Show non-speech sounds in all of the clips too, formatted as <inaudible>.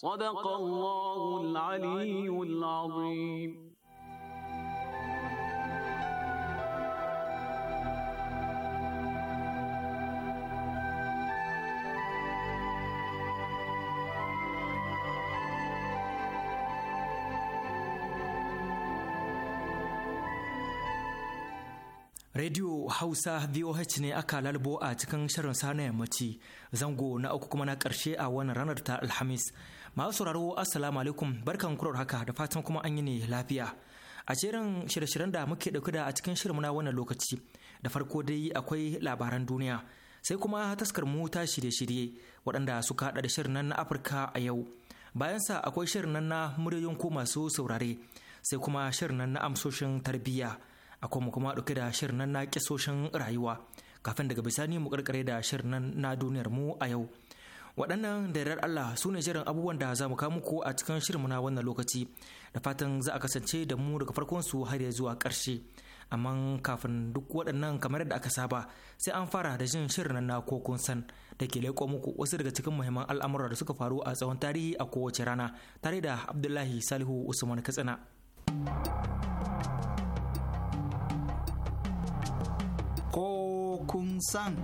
صدق الله العلي العظيم Radio Hausa VOH ne aka lalbo a cikin shirin sa na yammaci zango na uku kuma na ƙarshe a wannan ranar ta Alhamis. masu sauraro assalamu alaikum barkan kurar haka da fatan kuma an yi ne lafiya a jerin shirye-shiryen da muke dauke da a cikin shirin na wannan lokaci da farko dai akwai labaran duniya sai kuma taskar mu ta shirye-shirye waɗanda suka haɗa da shirin nan na afirka a yau bayan sa akwai shirin nan na muryoyin ko masu saurare sai kuma shirin nan na amsoshin tarbiyya akwai mu kuma dauke da shirin nan na kisoshin rayuwa kafin daga bisani mu karkare da shirin nan na duniyar mu a yau waɗannan da yarar Allah su ne jiran abubuwan da za mu kawo muku a cikin shirinmu na wannan lokaci da fatan za a kasance da mu daga farkon su har ya zuwa ƙarshe amma kafin duk waɗannan kamar yadda aka saba sai an fara da jin shirin na ko kun san da ke leƙo muku wasu daga cikin muhimman al'amura da suka faru a tsawon tarihi a kowace rana tare da Abdullahi Salihu Usman Katsina. Ko kun san.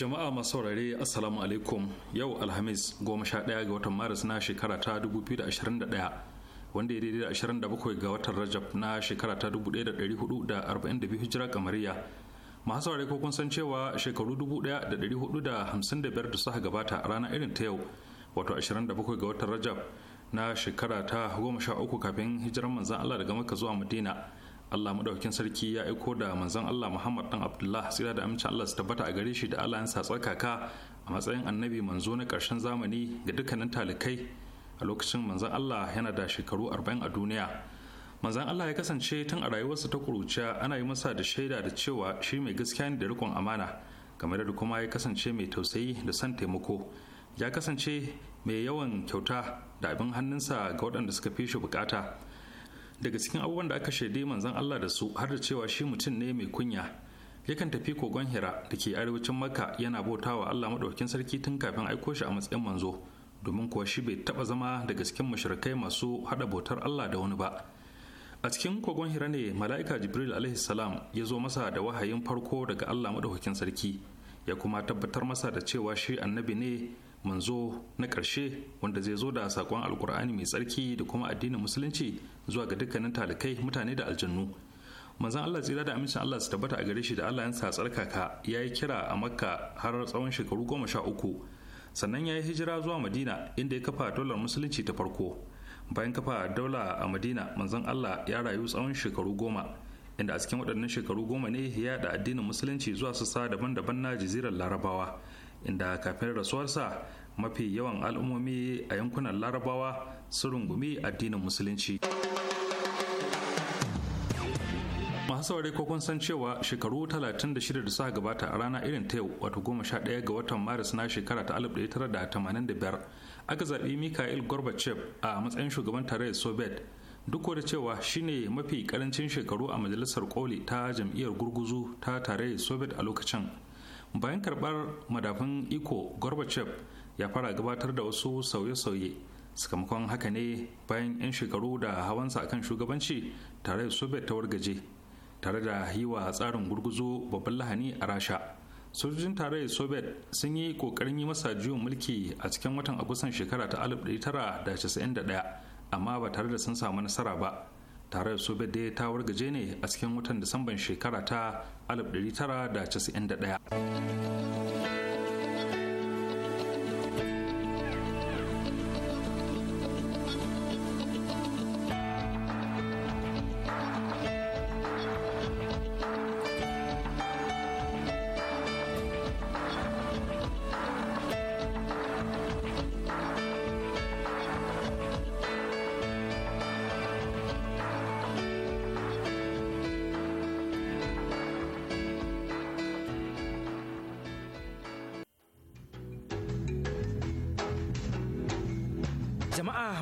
jama'a masu saurare assalamu alaikum yau alhamis goma sha ɗaya ga watan maris na shekara ta 2021 wanda ya daidai da 27 ga watan rajab na shekara ta 1442 hijira kamariya masu saurare ko kun san cewa shekaru 1455 da suka gabata a ranar irin ta yau wato 27 ga watan rajab na shekara ta 13 kafin hijirar manzan allah daga maka zuwa madina Allah madaukakin sarki ya aiko da manzon Allah Muhammad dan Abdullah tsira da amincin Allah su tabbata a gare shi da Allah sa kaka, a matsayin annabi manzo na ƙarshen zamani ga dukkanin talikai a lokacin manzon Allah yana da shekaru 40 a duniya manzon Allah ya kasance tun a rayuwarsa ta kuruciya ana yi masa da shaida da cewa shi mai gaskiya ne da rikon amana game da kuma ya kasance mai tausayi da son taimako ya kasance mai yawan kyauta da abin hannunsa ga waɗanda suka fi shi bukata daga cikin abubuwan da aka shaide manzon Allah da su har da cewa shi mutum ne mai kunya yakan tafi kogon hira da ke arewacin makka yana bautawa Allah madaukakin sarki tun kafin aiko shi a matsayin manzo domin kuwa shi bai taba zama daga cikin mushrikai masu haɗa bautar Allah da wani ba a cikin kogon hira ne mala'ika jibril alaihi salam ya zo masa da wahayin farko daga Allah madaukakin sarki ya kuma tabbatar masa da cewa shi annabi ne manzo na ƙarshe wanda zai zo da sakon alkur'ani mai tsarki da kuma addinin musulunci zuwa ga dukkanin talikai mutane da aljannu manzon Allah tsira da amincin Allah su tabbata a gare shi da Allah ya sa tsarkaka ya yi kira a makka har tsawon shekaru goma sha uku sannan ya yi hijira zuwa madina inda ya kafa daular musulunci ta farko bayan kafa daula a madina manzon Allah ya rayu tsawon shekaru goma inda a cikin waɗannan shekaru goma ne ya da addinin musulunci zuwa sassa daban-daban na jazirar larabawa inda kafin rasuwarsa mafi yawan al'ummomi a yankunan larabawa su rungumi addinin musulunci masu saurari ko kun san cewa shekaru 36 da suka gabata a rana irin ta yau wato 11 ga watan maris na shekara ta 1985 aka zaɓi mikhail gorbachev a matsayin shugaban tarayyar soviet duk da cewa shine mafi karancin shekaru a majalisar koli ta jam'iyyar gurguzu ta tarayyar soviet a lokacin bayan karbar madafin iko gorbachev ya fara gabatar da wasu sauye-sauye sakamakon haka ne bayan 'yan shekaru da hawansa kan shugabanci tare da soviet ta wargaje tare da yiwa tsarin gurguzo babban lahani a rasha sojojin tarayyar soviet sun yi kokarin yi masa juyin mulki a cikin watan agustan shekara ta 1991 amma ba tare da sun samu nasara ba tare da soviet dai ta wargaje ne a cikin watan disamban shekara ta 1991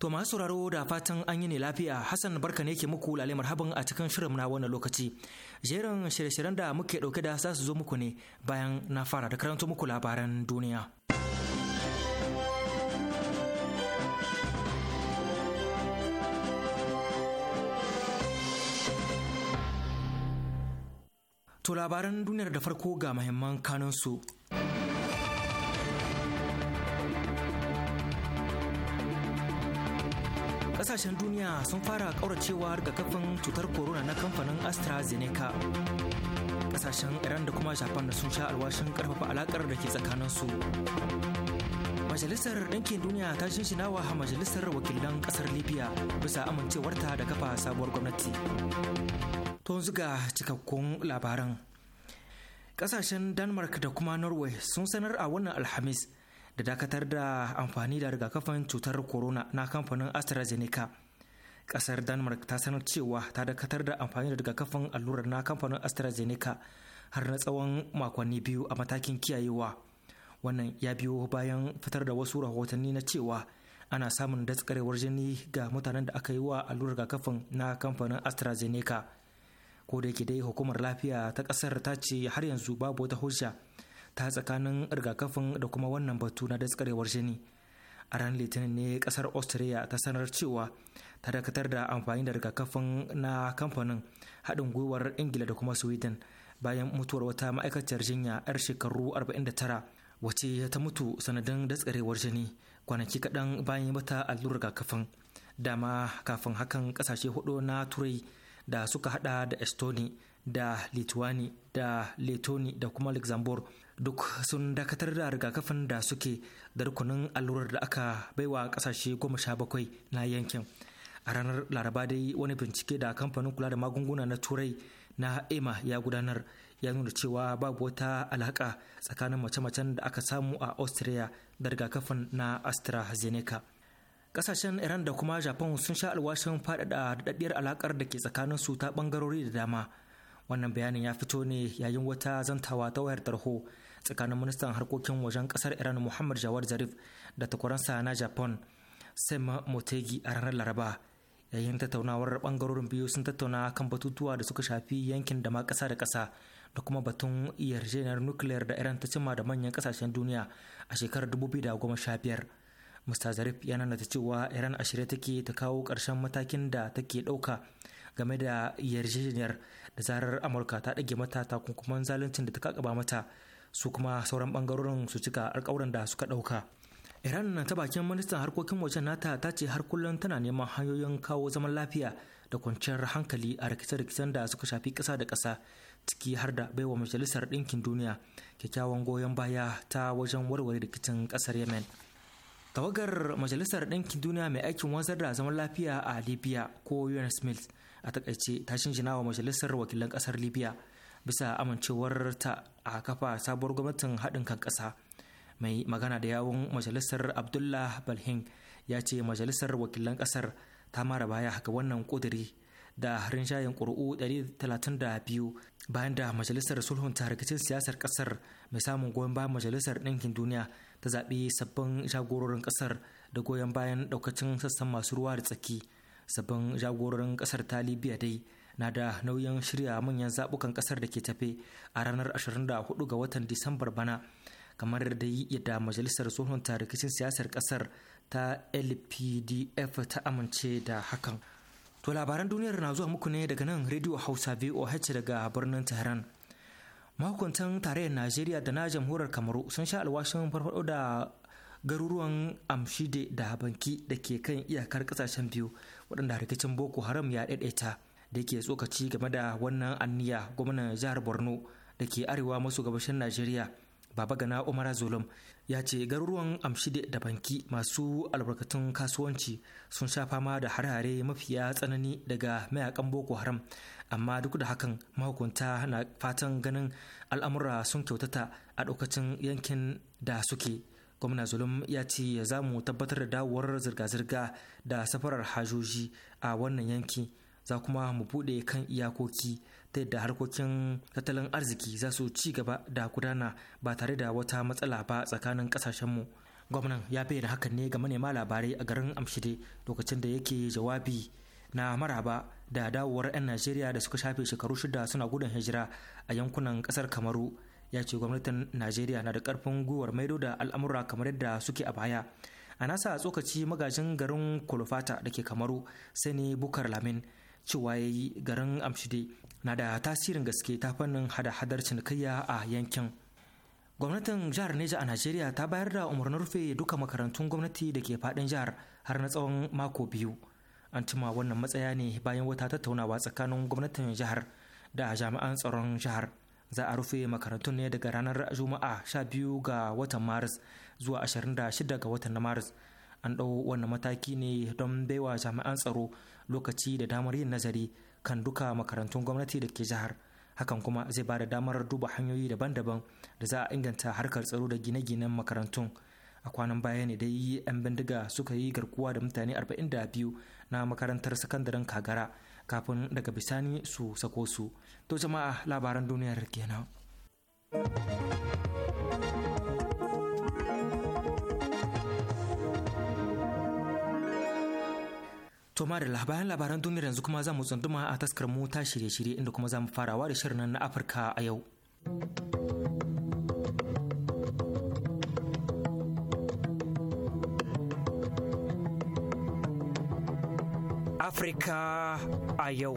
To masu sauraro da fatan an yi ne lafiya Hassan barka ne ke muku lale marhaban a cikin shirin na wannan lokaci. Jerin shirye-shiryen da muke dauke da za su zo muku ne bayan na fara da karanto muku labaran duniya. To labaran duniyar da farko ga mahimman kanunsu. kasashen duniya sun fara kauracewa kafin cutar corona na kamfanin astrazeneca kasashen iran da kuma japan da sun sha alwashin karfafa alaƙar da ke su. majalisar ɗinkin duniya ta shinshina wa majalisar wakilan ƙasar libya bisa amincewarta da kafa sabuwar gwamnati to cikakkun labaran ƙasashen denmark da kuma norway sun sanar a wannan alhamis da dakatar da amfani da rigakafin cutar corona na kamfanin astrazeneca kasar denmark ta sanar cewa ta dakatar da amfani da rigakafin allurar na kamfanin astrazeneca har na tsawon makonni biyu a matakin kiyayewa wannan ya biyo bayan fitar da wasu rahotanni na cewa ana samun daskarewar jini ga mutanen da aka yi wa allurar rigakafin na kamfanin astrazeneca ko da yake dai hukumar lafiya ta kasar ta ce har yanzu babu wata hujja ta tsakanin rigakafin da kuma wannan batu na daskarewar jini a ran litinin ne kasar austria ta sanar cewa ta dakatar da amfani da rigakafin na kamfanin haɗin gwiwar ingila da kuma sweden bayan mutuwar wata ma'aikaciyar jinya 'yar shekaru 49 wace ta mutu sanadin daskarewar jini kwanaki kaɗan bayan mata allurar rigakafin dama kafin hakan ƙasashe hudu na turai da suka hada da estoni da lituani da letoni da kuma luxembourg duk sun dakatar da rigakafin da suke da rukunin allurar da aka baiwa kasashe goma sha bakwai na yankin a ranar laraba dai wani bincike da kamfanin kula da magunguna na turai na ema ya gudanar ya nuna cewa babu wata alaka tsakanin mace-macen da aka samu a austria da rigakafin na astrazeneca kasashen iran da kuma japan sun sha alwashin faɗaɗa daɗaɗɗiyar alakar da ke tsakanin su ta ɓangarori da dama wannan bayanin ya fito ne yayin wata zantawa ta wayar tarho tsakanin ministan harkokin wajen kasar iran muhammad jawad zarif da takwaransa na japan sema motegi a ranar laraba yayin tattaunawar bangarorin biyu sun tattauna kan batutuwa da suka shafi yankin da ma kasa da kasa da kuma batun yarjejeniyar nukiliyar da iran ta cimma da manyan kasashen duniya a shekarar 2015 mr zarif yana nata cewa iran a shirye take ta kawo ƙarshen matakin da take ɗauka game da yarjejeniyar da zarar amurka ta ɗage mata takunkuman zaluncin da ta kakaba mata su kuma sauran bangarorin su cika alkawuran da suka dauka iran na ta bakin ministan harkokin wajen nata ta ce har kullum tana neman hanyoyin kawo zaman lafiya da kwanciyar hankali a rikice-rikicen da suka shafi kasa da kasa ciki har da baiwa majalisar ɗinkin duniya kyakkyawan goyon baya ta wajen warware rikicin kasar yemen tawagar majalisar ɗinkin duniya mai aikin wanzar da zaman lafiya a libya ko un smith a takaice ta shinjina wa majalisar wakilan kasar libya bisa amincewar ta a kafa sabuwar gwamnatin haɗin kan ƙasa mai magana da yawun majalisar abdullah balhin ya ce majalisar wakilan ƙasar ta mara baya ga wannan ƙudiri da rinjayen ƙuri'u 132 bayan da majalisar sulhun ta rikicin siyasar ƙasar mai samun goyon bayan majalisar ɗinkin duniya ta zaɓi sabbin jagororin ƙasar da goyon bayan ɗaukacin sassan masu ruwa da tsaki sabbin jagororin ƙasar ta libya dai na da nauyin shirya manyan zabukan kasar da ke tafe a ranar 24 ga watan disambar bana kamar da yadda majalisar tsohon rikicin siyasar kasar ta lpdf ta amince da hakan to labaran duniyar na zuwa muku ne daga nan rediyo hausa voh daga birnin tehran mahukuntan tarayyar najeriya da na jamhuriyar kamaru sun sha alwashin farfado da garuruwan amshide da banki da ke kan iyakar kasashen biyu waɗanda rikicin boko haram ya ɗaiɗaita da ke tsokaci game da wannan anniya gwamnan jihar borno da ke arewa maso gabashin najeriya baba gana umar zulum ya ce garuruwan amshide da banki masu albarkatun kasuwanci sun sha fama da hare mafiya tsanani daga mayakan boko haram amma duk da hakan mahukunta na fatan ganin al'amura sun kyautata a lokacin yankin da suke gwamna zulum ya ce ya zamu tabbatar da dawowar zirga-zirga da safarar hajoji a wannan yanki za kuma mu bude kan iyakoki ta yadda harkokin tattalin arziki za su ci gaba da gudana ba tare da wata matsala ba tsakanin kasashenmu? gwamnan ya bayyana hakan ne ga manema labarai a garin amshide lokacin da yake jawabi na maraba da dawowar 'yan najeriya da suka shafe shekaru shida suna gudun hijira a yankunan kasar kamaru ya ce gwamnatin najeriya na da karfin gwiwar maido da al'amura kamar yadda suke a baya a nasa tsokaci magajin garin kolofata da ke kamaru sani bukar lamin cewa ya yi garin amshide na da tasirin gaske ta fannin hada-hadar cinikayya a yankin gwamnatin jihar neja a najeriya ta bayar da umarnin rufe duka makarantun gwamnati da ke fadin jihar har na tsawon mako biyu an cima wannan matsaya ne bayan wata tattaunawa tsakanin gwamnatin jihar da jami'an tsaron jihar za a rufe makarantun ne daga ranar juma'a 12 ga watan maris zuwa 26 ga watan maris an ɗau wannan mataki ne don baiwa jami'an tsaro lokaci da damar yin nazari kan duka makarantun gwamnati da ke jihar hakan kuma zai ba da damar duba hanyoyi daban-daban da za a inganta harkar tsaro da gine-ginen makarantun a kwanan baya ne dai 'yan bindiga suka yi garkuwa da mutane 42 na makarantar sakandaren kagara kafin daga bisani su sako su to jama'a labaran duniyar kenan To da bayan labaran duniyar yanzu kuma za mu tsunduma a taskar mota shirye-shirye inda kuma za mu farawa da shirin na Afirka a yau. Afirka a yau.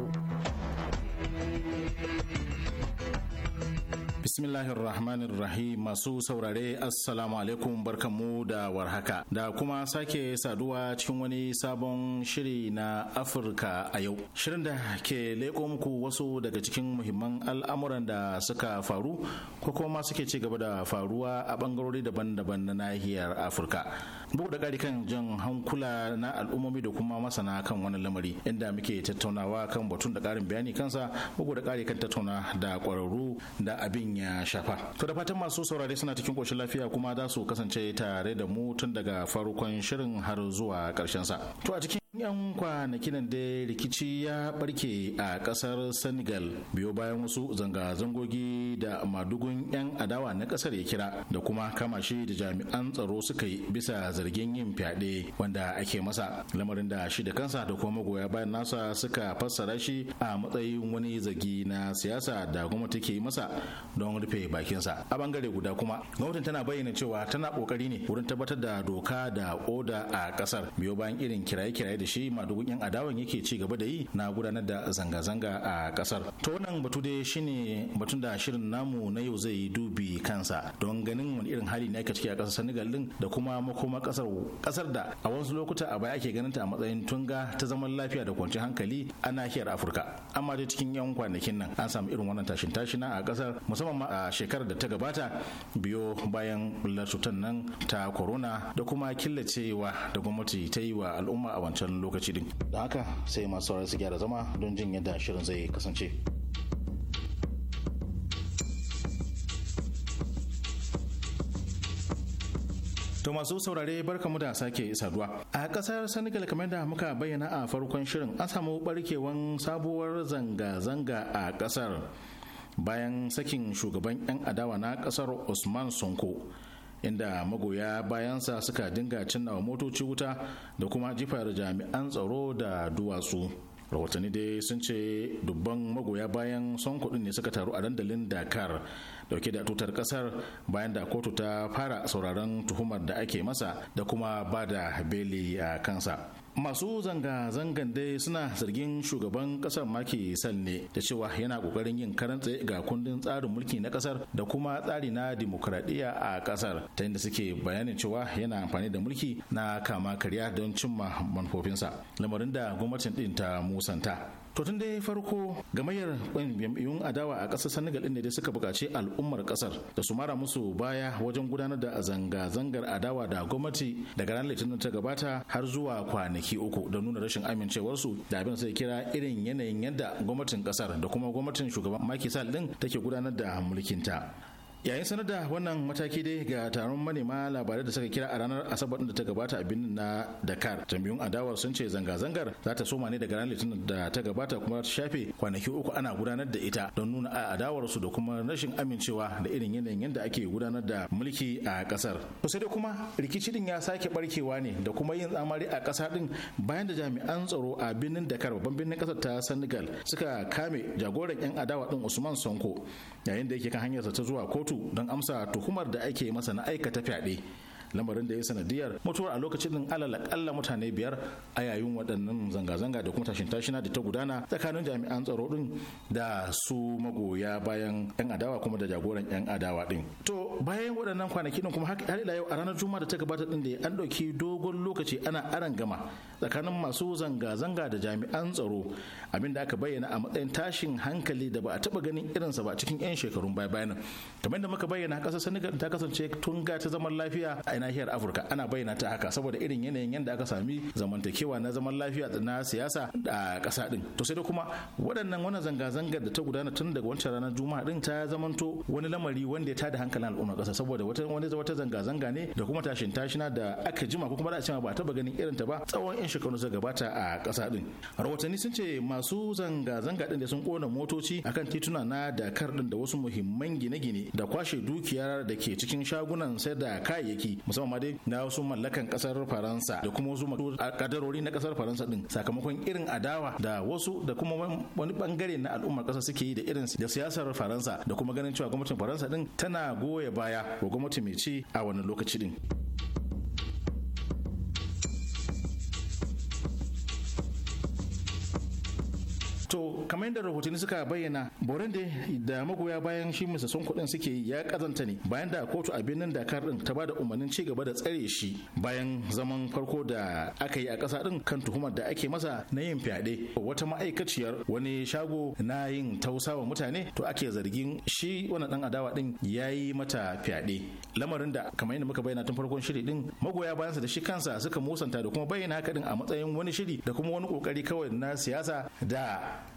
bismillahirrahmanirrahim masu saurare Assalamu alaikum barkanmu da warhaka da kuma sake saduwa cikin wani sabon shiri na Afirka a yau. Shirin da ke leko muku wasu daga cikin muhimman al'amuran da suka faru ko kuma suke ci gaba da faruwa a bangarori daban-daban na nahiyar Afirka. bugu da ƙari kan jan hankula na al'ummomi da kuma masana kan wani lamari inda muke tattaunawa kan batun da karin bayani kansa bugu da ƙari kan tattauna da kwararru da abin ya shafa to da fatan masu saurare suna cikin koshin lafiya kuma za su kasance tare da mu tun daga farkon shirin har zuwa ƙarshen sa to a cikin yan kwanakin da rikici ya barke a kasar senegal biyo bayan wasu zanga-zangogi da madugun yan adawa na kasar ya kira da kuma kama shi da jami'an tsaro suka yi bisa zargin yin fyaɗe wanda ake masa lamarin da shi da kansa da kuma magoya bayan nasa suka fassara shi a matsayin wani zargi na siyasa da gwamnati ke masa don rufe bakinsa a bangare guda kuma gwamnatin tana bayyana cewa tana kokari ne wurin tabbatar da doka da oda a kasar biyo bayan irin kiraye-kiraye da shi madugun yan adawan yake ci gaba da yi na gudanar da zanga-zanga a kasar to wannan batu dai shine batun da shirin namu na yau zai yi dubi kansa don ganin wani irin hali ne ake ciki a kasar senegal din da kuma makoma kasar kasar da a wasu lokuta a baya ake ganin ta a matsayin tunga ta zaman lafiya da kwanciyar hankali a nahiyar afirka amma dai cikin yan kwanakin nan an samu irin wannan tashin na a kasar musamman ma a shekarar da ta gabata biyo bayan bullar nan ta corona da kuma killacewa da gwamnati ta yi wa al'umma a wancan wannan lokaci din da haka sai masu saurari su gyara zama don jin yadda shirin zai kasance To masu saurare barkamu da sake saduwa. A kasar Senegal kamar da muka bayyana a farkon shirin an samu barkewan sabuwar zanga-zanga a kasar bayan sakin shugaban 'yan adawa na kasar Usman Sonko. inda magoya bayansa suka dinga cinna motoci wuta da kuma jifar jami'an tsaro da duwatsu rahotanni dai sun ce dubban magoya bayan son kudin ne suka taru a dandalin dakar dauke da tutar kasar bayan da kotu ta fara sauraron tuhumar da ake masa da kuma ba da beli a kansa masu zanga-zangan dai suna zargin shugaban kasar maki sal ne da cewa yana kokarin yin karan ga kundin tsarin mulki na kasar da kuma tsari na dimokuraɗiyya a kasar ta inda suke bayanin cewa yana amfani da mulki na kama karya don cimma manufofinsa lamarin da gwamnatin ɗin ta musanta to tun dai farko gamayyar jam'iyyun adawa a ƙasar senegal ɗin ne dai suka buƙaci al'ummar ƙasar da su mara musu baya wajen gudanar da zanga-zangar adawa da gwamnati daga ranar litinin ta gabata har zuwa kwanaki uku da nuna rashin amincewarsu da abin sai kira irin yanayin yadda gwamnatin ƙasar da kuma gwamnatin shugaban Macky Sall ɗin take gudanar da mulkin ta. yayin sanar da wannan mataki dai ga taron manema labarai da suka kira a ranar asabar da ta gabata a birnin na dakar jami'un adawar sun ce zanga-zangar za ta soma ne daga ranar litinin da ta gabata kuma ta shafe kwanaki uku ana gudanar da ita don nuna a adawar su da kuma rashin amincewa da irin yanayin yadda ake gudanar da mulki a kasar to sai dai kuma rikici din ya sake barkewa ne da kuma yin tsamari a kasa din bayan da jami'an tsaro a birnin dakar babban birnin kasar ta senegal suka kame jagoran yan adawa din usman sonko yayin da yake kan hanyarsa ta zuwa kotu mutu don amsa tuhumar da ake masa na aikata fyaɗe lamarin da ya sanadiyar mutuwar a lokacin din alal akalla mutane biyar a yayin waɗannan zanga-zanga da kuma tashin tashina da ta gudana tsakanin jami'an tsaro din da su magoya bayan yan adawa kuma da jagoran yan adawa din to bayan waɗannan kwanaki din kuma har ila yau a ranar juma'a da ta gabata din da an ɗauki dogon lokaci ana aran gama tsakanin masu zanga-zanga da jami'an tsaro abin da aka bayyana a matsayin tashin hankali da ba a taba ganin irinsa ba cikin 'yan shekarun baya bayanan kamar da muka bayyana kasar senegal ta kasance tun ga ta zaman lafiya a nahiyar afirka ana bayyana ta haka saboda irin yanayin yadda aka sami zamantakewa na zaman lafiya na siyasa a kasa din to sai da kuma waɗannan wani zanga-zangar da ta gudana tun daga wancan ranar juma'a din ta zamanto wani lamari wanda ya tada hankalin al'ummar kasa saboda wata wani wata zanga-zanga ne da kuma tashin tashina da aka jima ko kuma da a cewa ba taba ganin irinta ba tsawon 'yan shekaru da gabata a kasa din rahotanni sun ce masu masu zanga-zanga din da sun kona motoci akan tituna na dakar din da wasu muhimman gine-gine da kwashe dukiyar da ke cikin shagunan sai da kayayyaki musamman ma dai na wasu mallakan kasar faransa da kuma wasu kadarori na kasar faransa din sakamakon irin adawa da wasu da kuma wani bangare na al'ummar kasa suke yi da irin da siyasar faransa da kuma ganin cewa gwamnatin faransa din tana goya baya wa gwamnati mai ci a wani lokaci din. kamar yadda rahotanni suka bayyana borin da magoya bayan shi mai sassan kuɗin suke ya kazanta ne bayan da kotu a birnin dakar din ta da umarnin ci gaba da tsare shi bayan zaman farko da aka yi a kasa din kan tuhumar da ake masa na yin fyaɗe wata ma'aikaciyar wani shago na yin tausawa mutane to ake zargin shi wannan dan adawa din ya yi mata fyaɗe lamarin da kamar yadda muka bayyana tun farkon shiri din magoya bayansa da shi kansa suka musanta da kuma bayyana haka din a matsayin wani shiri da kuma wani kokari kawai na siyasa da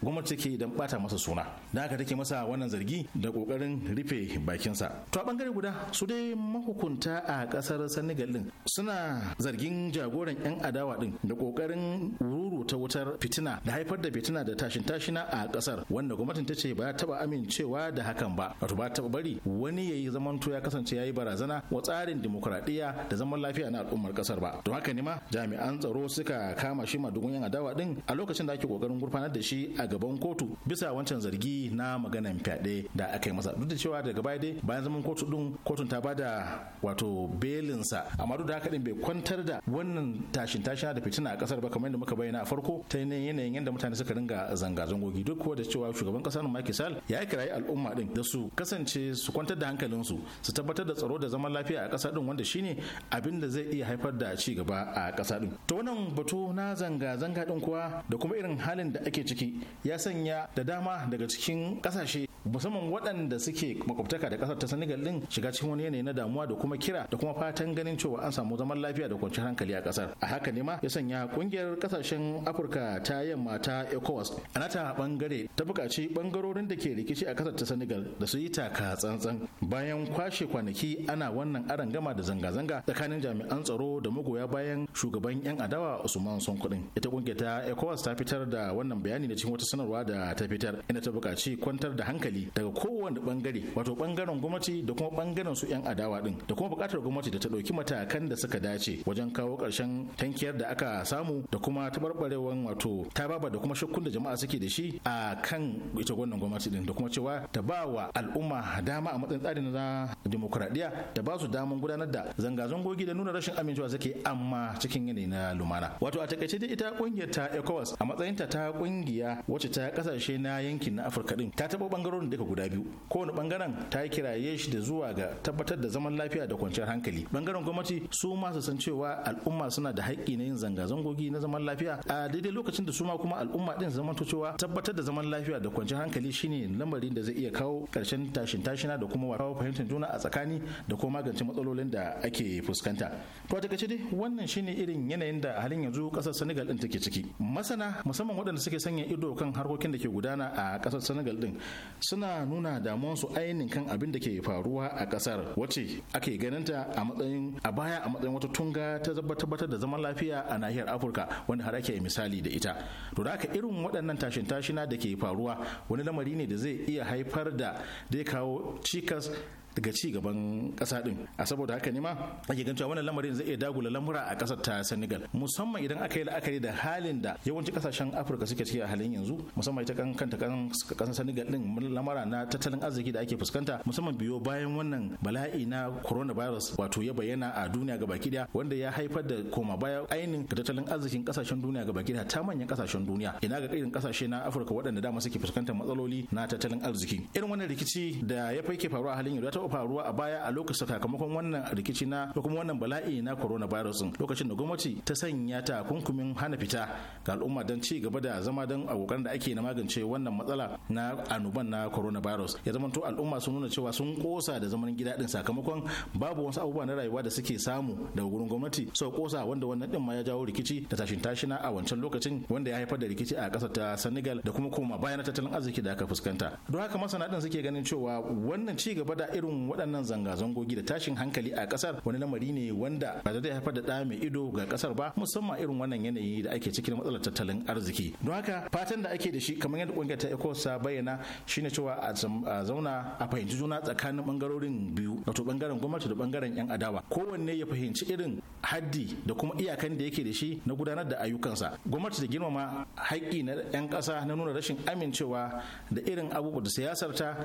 gwamnati wacce ke dan bata masa suna da haka take masa wannan zargi da kokarin rufe bakinsa to a bangare guda su dai mahukunta a kasar Senegal din suna zargin jagoran yan adawa din da kokarin ruru ta wutar fitina da haifar da fitina da tashin tashina a kasar wanda gwamnatin ta ce ba taba amincewa da hakan ba wato ba taba bari wani yayi zamanto ya kasance yayi barazana wa tsarin dimokuraɗiyya da zaman lafiya na al'ummar kasar ba don haka ne ma jami'an tsaro suka kama shi madugun yan adawa din a lokacin da ake kokarin gurfanar da shi a gaba babban kotu bisa wancan zargi na maganan fyaɗe da aka yi masa duk da cewa daga baya dai bayan zaman kotu din kotun ta bada wato belinsa amma duk da haka din bai kwantar da wannan tashin tashin da fitina a kasar ba kamar yadda muka bayyana a farko ta yanayin yadda mutane suka dinga zanga-zangogi duk ko da cewa shugaban kasar Macky Sall ya kirayi al'umma din da su kasance su kwantar da hankalinsu su tabbatar da tsaro da zaman lafiya a kasa din wanda shine abin da zai iya haifar da ci gaba a kasa din to wannan batu na zanga-zanga din kuwa da kuma irin halin da ake ciki ya ya sanya da dama daga cikin kasashe musamman waɗanda suke makwabtaka da ƙasar ta Senegal din shiga cikin wani yanayi na damuwa da kuma kira da kuma fatan ganin cewa an samu zaman lafiya da kwanciyar hankali a ƙasar. A haka ne ma ya sanya ƙungiyar ƙasashen Afirka ta yamma ta ECOWAS a nata bangare ta buƙaci bangarorin da ke rikici a ƙasar ta Senegal da su yi taka tsantsan bayan kwashe kwanaki ana wannan aron gama da zanga-zanga tsakanin jami'an tsaro da magoya bayan shugaban 'yan adawa Usman Sonko Ita ƙungiyar ta ECOWAS ta fitar da wannan bayani da cikin sanarwa da ta fitar ina ta buƙaci kwantar da hankali daga kowane bangare wato bangaren gwamnati da kuma bangaren su 'yan adawa din da kuma buƙatar gwamnati da ta ɗauki matakan da suka dace wajen kawo ƙarshen tankiyar da aka samu da kuma tabarbarewan wato baba da kuma shakkun da jama'a suke da shi a kan ita wannan gwamnati din da kuma cewa ta ba wa al'umma dama a matsayin tsarin na demokuraɗiyya da ba su daman gudanar da zanga-zangogi da nuna rashin amincewa suke amma cikin yanayi na lumana wato a takaice dai ita kungiyar ta ecowas a matsayinta ta kungiya wacce ta kasashe na yankin na afirka din ta taɓa bangarorin daga guda biyu kowane bangaren ta kiraye shi da zuwa ga tabbatar da zaman lafiya da kwanciyar hankali bangaren gwamnati su ma su san cewa al'umma suna da haƙƙi na yin zanga-zangogi na zaman lafiya a daidai lokacin da su ma kuma al'umma din zaman cewa tabbatar da zaman lafiya da kwanciyar hankali shine lamarin da zai iya kawo ƙarshen tashin tashina da kuma kawo fahimtar juna a tsakani da kuma magance matsalolin da ake fuskanta to a takaice dai wannan shine irin yanayin da halin yanzu ƙasar Senegal din take ciki masana musamman waɗanda suke sanya ido kan har harkokin da ke gudana a kasar senegal din suna nuna su ainihin kan abin da ke faruwa a kasar wacce ake ganinta a matsayin a baya a matsayin wata tunga ta tabbatar da zaman lafiya a nahiyar afirka wanda har ake misali da ita to haka irin waɗannan tashin tashina da ke faruwa wani lamari ne da zai iya haifar da zai kawo cikas daga ci gaban kasa din a saboda haka ne ma ake gan cewa wannan lamarin zai iya dagula lamura a ƙasar ta Senegal musamman idan aka yi la'akari da halin da yawancin kasashen Afirka suke ciki a halin yanzu musamman ita kan kanta kasar Senegal din lamara na tattalin arziki da ake fuskanta musamman biyo bayan wannan bala'i na coronavirus wato ya bayyana a duniya gaba baki daya wanda ya haifar da koma baya ainihin ga tattalin arzikin kasashen duniya gaba baki daya ta manyan kasashen duniya ina ga irin kasashe na Afirka waɗanda dama suke fuskantar matsaloli na tattalin arziki irin wannan rikici da ya fai ke faruwa a halin yanzu taba faruwa a baya a lokacin sakamakon wannan rikici na ko kuma wannan bala'i na coronavirus lokacin da gwamnati ta sanya ta kunkumin hana fita ga al'umma don ci gaba da zama don abokan da ake na magance wannan matsala na annoban na coronavirus ya zama to al'umma sun nuna cewa sun kosa da zaman gida din sakamakon babu wasu abubuwa na rayuwa da suke samu da gurin gwamnati sau kosa wanda wannan din ma ya jawo rikici da tashin tashina a wancan lokacin wanda ya haifar da rikici a ƙasar ta Senegal da kuma koma bayan tattalin arziki da aka fuskanta don haka masana din suke ganin cewa wannan ci gaba da irin irin waɗannan zanga-zangogi da tashin hankali a ƙasar wani lamari ne wanda ba zai haifar da ɗa mai ido ga ƙasar ba musamman irin wannan yanayi da ake cikin matsalar tattalin arziki don haka fatan da ake da shi kamar yadda ƙungiyar ta ecowas ta bayyana shine cewa a zauna a fahimci juna tsakanin ɓangarorin biyu wato ɓangaren gwamnati da ɓangaren 'yan adawa kowanne ya fahimci irin haddi da kuma iyakan da yake da shi na gudanar da ayyukansa gwamnati da girmama haƙƙi na 'yan ƙasa na nuna rashin amincewa da irin abubuwa da siyasar ta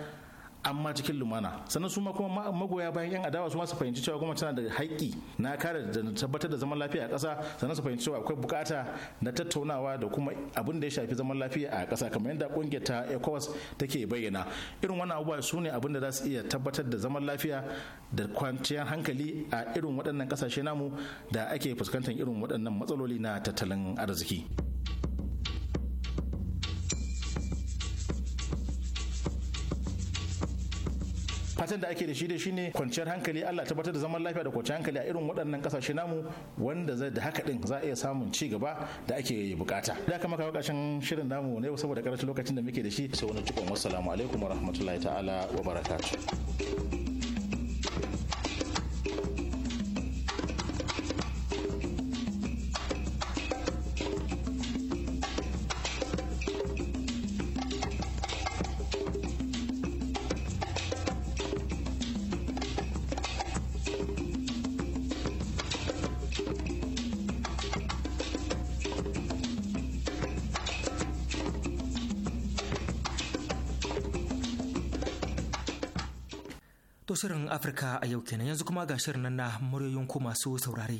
amma cikin lumana sannan su ma kuma magoya bayan yan adawa su ma su fahimci cewa gwamnati tana da haƙƙi na kare da tabbatar da zaman lafiya a ƙasa sannan su fahimci cewa akwai bukata na tattaunawa da kuma abin da ya shafi zaman lafiya a ƙasa kamar yadda ƙungiyar ta ECOWAS take bayyana irin wannan abubuwa su ne abin da za su iya tabbatar da zaman lafiya da kwanciyar hankali a irin waɗannan ƙasashe namu da ake fuskantar irin waɗannan matsaloli na tattalin arziki. fatan da ake da shi da shine kwanciyar hankali Allah tabbatar da zaman lafiya da kwanciyar hankali a irin waɗannan kasashe namu wanda zai da haka din za a iya samun ci gaba da ake bukata da kama kawo ƙarshen shirin namu ne saboda karatu lokacin da muke da shi sai wani cikon wassalamu alaikum warahmatullahi ta'ala wa barakatuh To shirin Afirka a yau kenan yanzu kuma ga shirin nan na muryoyin ku masu saurare.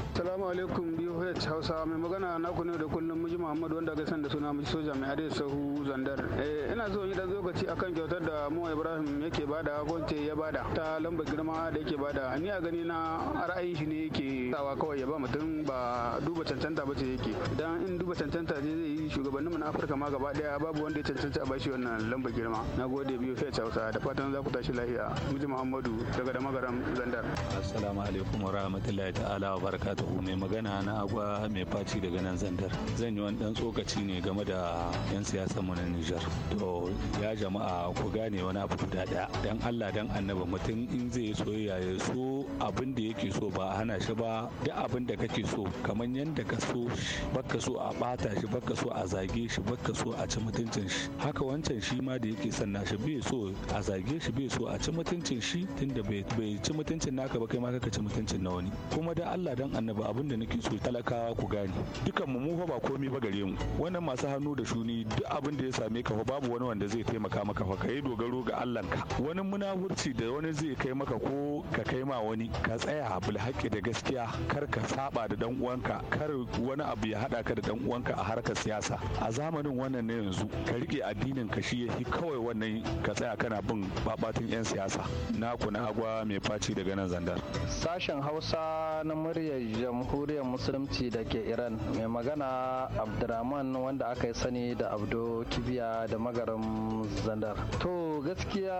Assalamu alaikum BOH Hausa mai magana ku ne da kullum muji Muhammadu wanda ga san da suna muji soja mai adai sahu zandar. Eh, ina so yi dan lokaci akan kyautar da mu Ibrahim yake bada ko ya bada ta lambar girma da yake bada ni a gani na ra'ayin shi ne yake sawa kawai ya ba mutum ba duba cancanta ba ce yake idan in duba cancanta ne zai yi shugabanninmu na Afirka ma gaba daya babu wanda ya cancanta a bashi wannan lambar girma. Nagode BOH Hausa da fatan za ku tashi lafiya muji Muhammadu daga da magaram zandar. Assalamu alaikum wa rahmatullahi ta'ala wa barakatuhu. Yakubu mai magana na agwa mai faci daga nan zandar. Zan yi wani dan tsokaci ne game da 'yan siyasar mu na Nijar. To ya jama'a ku gane wani abu guda daya Dan Allah dan annaba mutum in zai yi soyayya ya so abin da yake so ba a hana shi ba duk abin da kake so kamar yadda ka so baka so a bata shi baka so a zage shi baka so a ci mutuncin shi haka wancan shi ma da yake son nashi bai so a zage shi bai so a ci mutuncin shi tunda bai ci mutuncin naka ba kai ma kaka ci mutuncin na wani kuma da Allah dan annaba ba abin da nake so talakawa ku gane dukan mu mu fa ba komai ba gare mu wannan masu hannu da shuni duk abin da ya same ka fa babu wani wanda zai taimaka maka fa kai dogaro ga Allah ka wani munafurci da wani zai kai maka ko ka kai ma wani ka tsaya bil haƙi da gaskiya kar ka saba da dan uwanka kar wani abu ya hada ka da dan uwanka a harkar siyasa a zamanin wannan na yanzu ka rike addinin ka shi yafi kawai wannan ka tsaya kana bin babatun yan siyasa na na agwa mai faci daga nan zandar sashen Hausa na muryar jamhuriyar musulunci da ke iran mai magana abdurrahman wanda aka yi sani da abdo kibiya da magarin zandar to gaskiya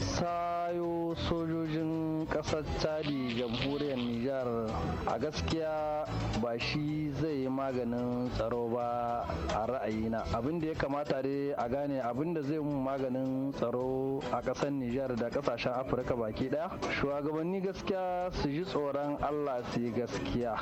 sayo sojojin kasar chadi jamhuriyar nijar a gaskiya ba shi zai yi maganin tsaro ba a ra'ayina abin da ya kamata dai a gane abin da zai yi maganin tsaro a kasar nijar da kasashen afirka baki daya shugabanni gaskiya su ji tsoron allah su yi gaskiya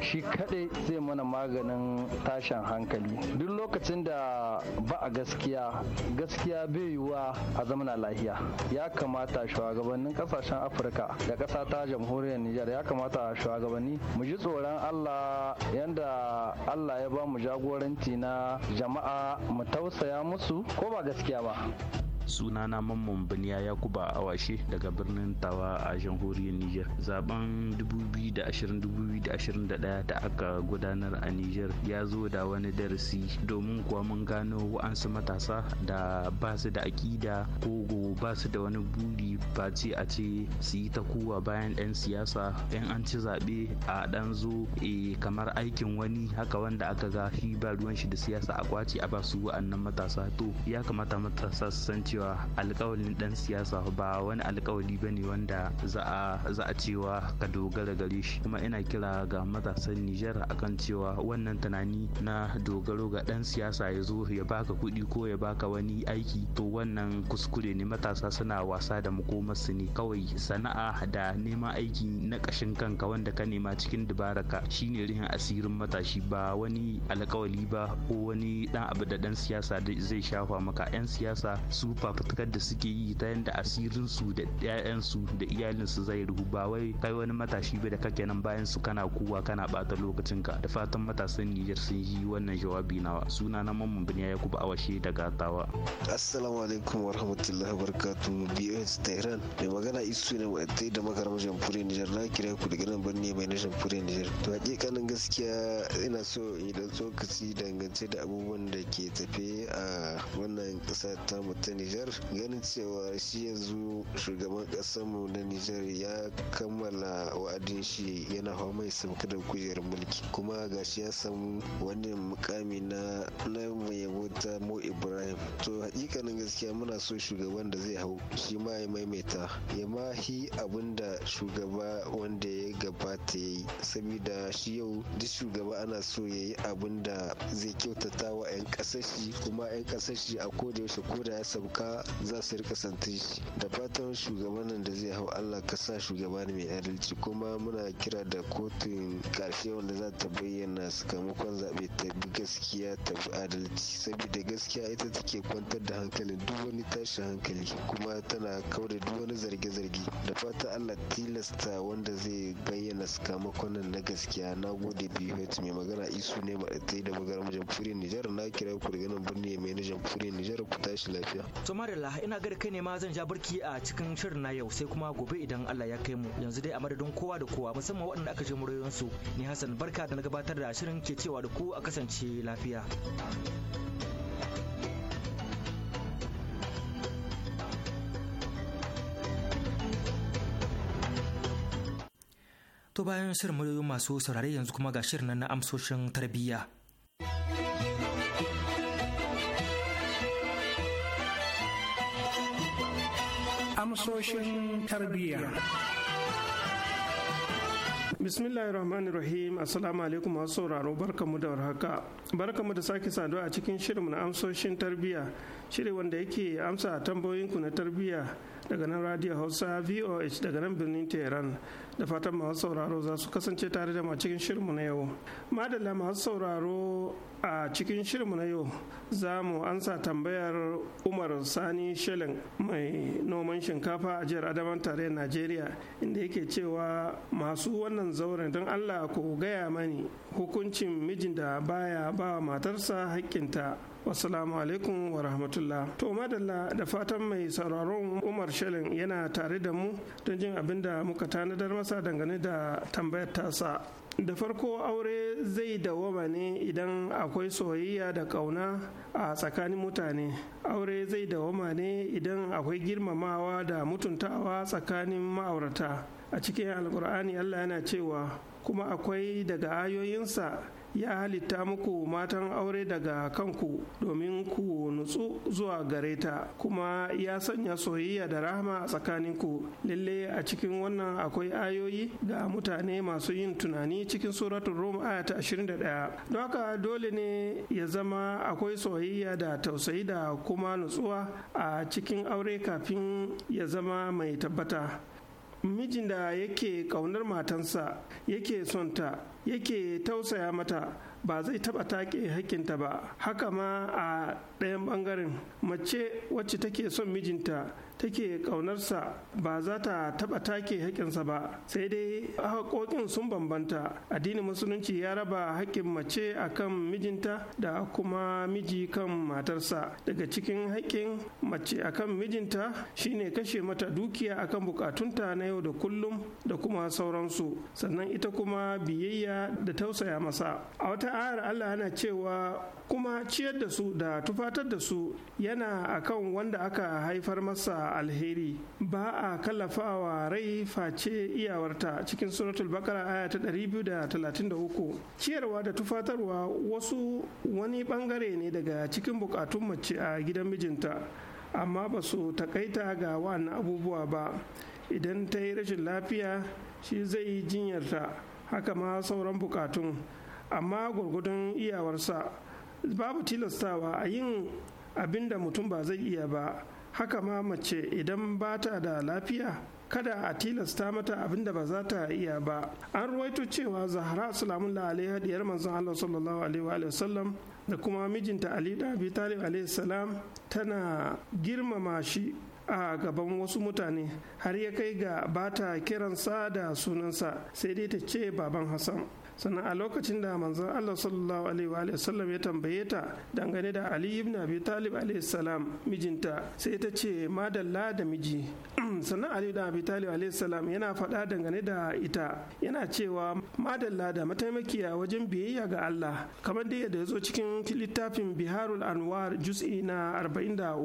shi kaɗai zai mana maganin tashin hankali duk lokacin da ba a gaskiya gaskiya bai yiwuwa a zamana lahiya ya kamata shugabannin kasashen afirka da ƙasata ta jamhuriyar nijar ya kamata shugabanni mu ji tsoron allah yadda allah ya ba mu jagoranci na jama'a mu tausaya musu ko ba gaskiya ba sunana mamman biniya yakuba awashe daga birnin tawa a jamhuriyar niger zaben 2020-2021 da aka gudanar a niger ya zo da wani darasi domin kuwa mun gano wa'ansu matasa da ba su da akida ko ba su da wani buri face a ce su yi ta kowa bayan 'yan siyasa 'yan an ci zaɓe a ɗan zo eh, kamar aikin wani haka wanda aka ga shi ba ruwan shi da siyasa a kwace a ba su wa'annan matasa to ya kamata matasa su san cewa cewa alkawalin ɗan siyasa ba wani alkawali ba ne wanda za a cewa ka dogara gare shi kuma ina kira ga matasan nijar akan cewa wannan tunani na dogaro ga ɗan siyasa ya zo ya baka kuɗi ko ya baka wani aiki to wannan kuskure ne matasa suna wasa da makomarsu ne kawai sana'a da neman aiki na ƙashin kanka wanda ka nema cikin dabaraka shine rihin asirin matashi ba wani alkawali ba ko wani dan abu da dan siyasa zai shafa maka yan siyasa su fafutukar da suke yi ta asirin su da 'ya'yansu da iyalinsu zai ruhu ba wai kai wani matashi bai da kake nan bayan su kana kowa kana bata lokacinka da fatan matasan Nijar sun yi wannan jawabi nawa suna na mamman biniya ya kuba awashe daga tawa assalamu alaikum wa rahmatullahi wa bs Tehran mai magana isu ne mai da makarar jamhuriyar Nijar na kira ku da gidan birni mai na jamhuriyar Nijar to hakikanin gaskiya ina so in yi dan tsokaci dangance da abubuwan da ke tafe a wannan kasa ta mutane. Niger ganin cewa shi yanzu shugaban mu na niger ya kammala wa'adin shi yana hau mai samka da kujerar mulki kuma gashi ya samu wani mukami na na mai yabo ta Mo Ibrahim to hakikanin gaskiya muna so shugaban da zai hau shi ma ya maimaita ya ma hi abinda shugaba wanda ya gabata ya yi saboda shi yau duk shugaba ana so ya yi abinda zai kyautata wa 'yan kasar kuma 'yan kasar shi a koda yaushe ko da ya sauka za su rika santin shi da fatan shugaban da zai hau allah ka sa shugaba mai adalci kuma muna kira da kotun karshe wanda za ta bayyana sakamakon zaɓe ta bi gaskiya ta bi adalci saboda gaskiya ita take kwantar da hankalin duk wani tashin hankali kuma tana kauda duk wani zarge-zarge da fatan allah tilasta wanda zai bayyana sakamakon nan na gaskiya na gode bh mai magana isu ne maɗatai da magaram jamhuriyar nijar na kira Tukur daga nan birni mai na jamhuriyar Nijar ku tashi lafiya. To Marilla ina ga kai ne ma zan ja barki a cikin shirin na yau sai kuma gobe idan Allah ya kai mu yanzu dai a madadin kowa da kowa musamman waɗanda aka je murayensu ni Hassan barka da na gabatar da shirin ke cewa da ku a kasance lafiya. To bayan shirin muryoyin masu saurare yanzu kuma ga shirin na amsoshin tarbiyya. amsoshin tarbiyya. rahim assalamu alaikum masu sauraro barkamu da warhaka barkamu da sake saduwa a cikin shirin na amsoshin tarbiyya shirin wanda yake amsa tambayoyinku na tarbiyya daga nan radio hausa voh daga nan birnin tehran da fatan masu sauraro za su kasance tare da mu cikin shirinmu na yau madalla masu sauraro a cikin shirinmu na yau za mu ansa tambayar umar sani shelin mai noman shinkafa a jihar adaman tare najeriya inda yake cewa masu wannan zauren don allah ku gaya mani hukuncin mijin da baya ba matarsa haƙƙinta wasalamu alaikum wa rahmatullah. To madalla da fatan mai sauraron Umar Shalin yana tare da mu don jin abin da muka tanadar masa dangane da tambayar tasa. Da farko aure zai dawama ne idan akwai soyayya da ƙauna a tsakanin mutane. Aure zai dawama ne idan akwai girmamawa da mutuntawa tsakanin ma'aurata. A cikin alkur'ani Allah yana cewa kuma akwai daga ayoyinsa ya halitta muku matan aure daga kanku domin ku nutsu zuwa gare ta kuma ya sanya soyayya da rahama a tsakaninku lalle a cikin wannan akwai ayoyi ga mutane masu yin tunani cikin suratun rum aya ta 21 don haka dole ne ya zama akwai soyayya da tausayi da kuma nutsuwa a cikin aure kafin ya zama mai tabbata mijin da yake kaunar matansa yake son ta yake tausaya mata ba zai taɓa take hakinta ba haka ma a ɗayan ɓangaren mace wacce take son mijinta take ƙaunarsa ba za ta taɓa take haƙƙinsa ba sai dai haƙoƙin sun bambanta addinin musulunci ya raba haƙƙin mace a kan mijinta da kuma miji kan matarsa daga cikin haƙƙin mace a kan mijinta shine kashe mata dukiya a kan buƙatunta na yau da kullum da kuma sauransu sannan ita kuma biyayya da tausaya masa a wata ayar Allah yana cewa kuma ciyar da su da tufatar da su yana akan wanda aka haifar masa a alheri ba a kallafawa rai face iyawarta cikin suratul bakara aya ta 233 ciyarwa da tufatarwa wasu wani bangare ne daga cikin bukatun mace a gidan mijinta amma ba su takaita ga wa'annan abubuwa ba idan ta yi rashin lafiya shi zai yi jinyarta haka ma sauran bukatun amma gwargwadon iyawarsa babu tilastawa a yin abinda mutum ba zai iya ba haka ma mace idan ba ta da lafiya kada a tilasta mata abin da ba za ta iya ba an ruwaito cewa zahra salamullah alaiha diyar manzon allah sallallahu alaihi wa sallam da kuma mijinta ali da abi talib alaihi salam tana girmama shi a gaban wasu mutane har ya kai ga bata kiransa da sunansa sai dai ta ce baban hassan sannan a lokacin da manzon Allah sallallahu alaihi wa sallam ya tambaye ta dangane da Ali ibn Abi Talib alaihi salam mijinta sai ta ce madalla da miji <clears throat> sannan Ali ibn Abi Talib alaihi salam yana faɗa dangane da ita yana cewa madalla da mataimakiya wajen biyayya ga Allah kamar da yadda ya zo cikin littafin Biharul Anwar juz'i na 43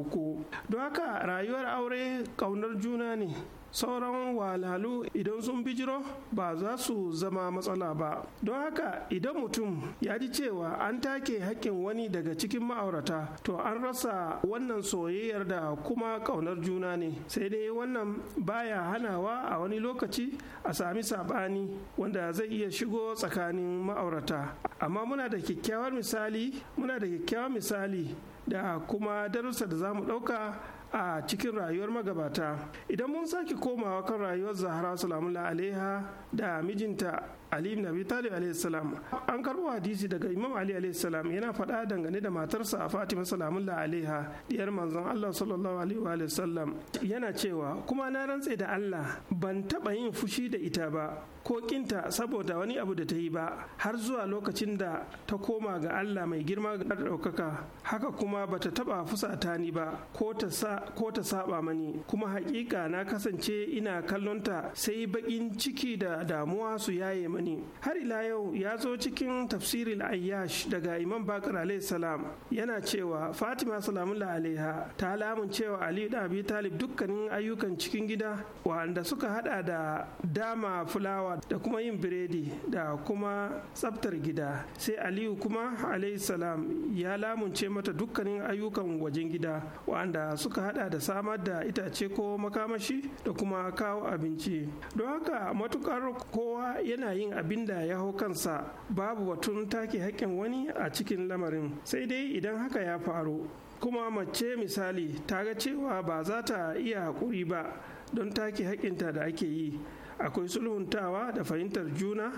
don haka rayuwar aure kaunar juna ne sauran walhalu idan sun bijiro ba za su zama matsala ba don haka idan mutum ya ji cewa an take haƙƙin wani daga cikin ma'aurata to an rasa wannan soyayyar da kuma ƙaunar juna ne sai dai wannan baya hanawa a wani lokaci a sami saɓani wanda zai iya shigo tsakanin ma'aurata amma muna da kyakkyawar misali muna da kyakkyawar misali da kuma darussa da za mu ɗauka a cikin rayuwar magabata idan mun sake komawa kan rayuwar zahra salamullah alaiha da mijinta Ali ibn Abi Talib salam an karbo hadisi daga Imam Ali salam yana faɗa dangane da matarsa a Fatima salamullah alaiha diyar manzon Allah sallallahu alaihi wa sallam yana cewa kuma na rantse da Allah ban taɓa yin fushi da ita ba ko kinta saboda wani abu da ta yi ba har zuwa lokacin da ta koma ga Allah mai girma ga ɗaukaka haka kuma bata taɓa fusata ni ba ko ta saba mani kuma hakika na kasance ina kallonta sai baƙin ciki da damuwa su yaye ba har ila yau ya zo cikin tafsirin ayyash daga imam bakar alayhi salam yana cewa fatima salamullah alaiha ta lamun cewa ali da abi talib dukkanin ayyukan cikin gida wanda suka hada da dama fulawa da kuma yin biredi da kuma tsaftar gida sai aliyu kuma alayhi salam ya lamunce mata dukkanin ayyukan wajen gida wanda suka hada da samar da itace ko makamashi da kuma kawo abinci don haka matukar kowa yana yin yin abin da ya hau kansa babu batun take haƙƙin wani a cikin lamarin sai dai idan haka ya faru kuma mace misali ta ga cewa ba za ta iya haƙuri ba don take haƙƙinta da ake yi akwai sulhuntawa da fahimtar juna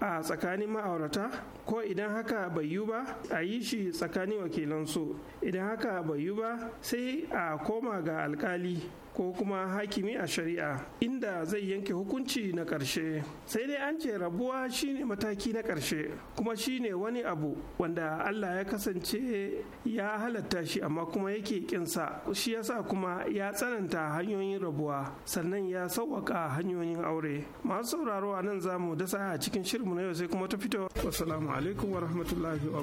a tsakanin ma'aurata ko idan haka bai yiwu ba a yi shi tsakanin wakilansu idan haka bai yiwu ba sai a koma ga alkali ko kuma hakimi a shari'a inda zai yanke hukunci na ƙarshe sai dai an ce rabuwa shine mataki na ƙarshe kuma shine wani abu wanda Allah ya kasance ya halatta shi amma kuma yake ƙinsa, shi yasa kuma ya tsananta hanyoyin rabuwa sannan ya sauwaka hanyoyin aure masu sauraro a nan zamu dasa a cikin shirinmu na yau sai kuma ta fito wasu alaikum wa rahmatullahi wa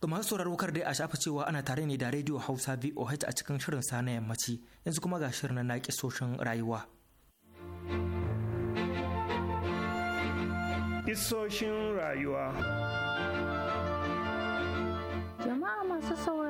To masu sauraro kar dai a shafa cewa ana tare ne da Radio Hausa VOH a cikin shirin sa na yammaci yanzu kuma ga shirin na soshin rayuwa. isoshin rayuwa. Jama'a masu sauraro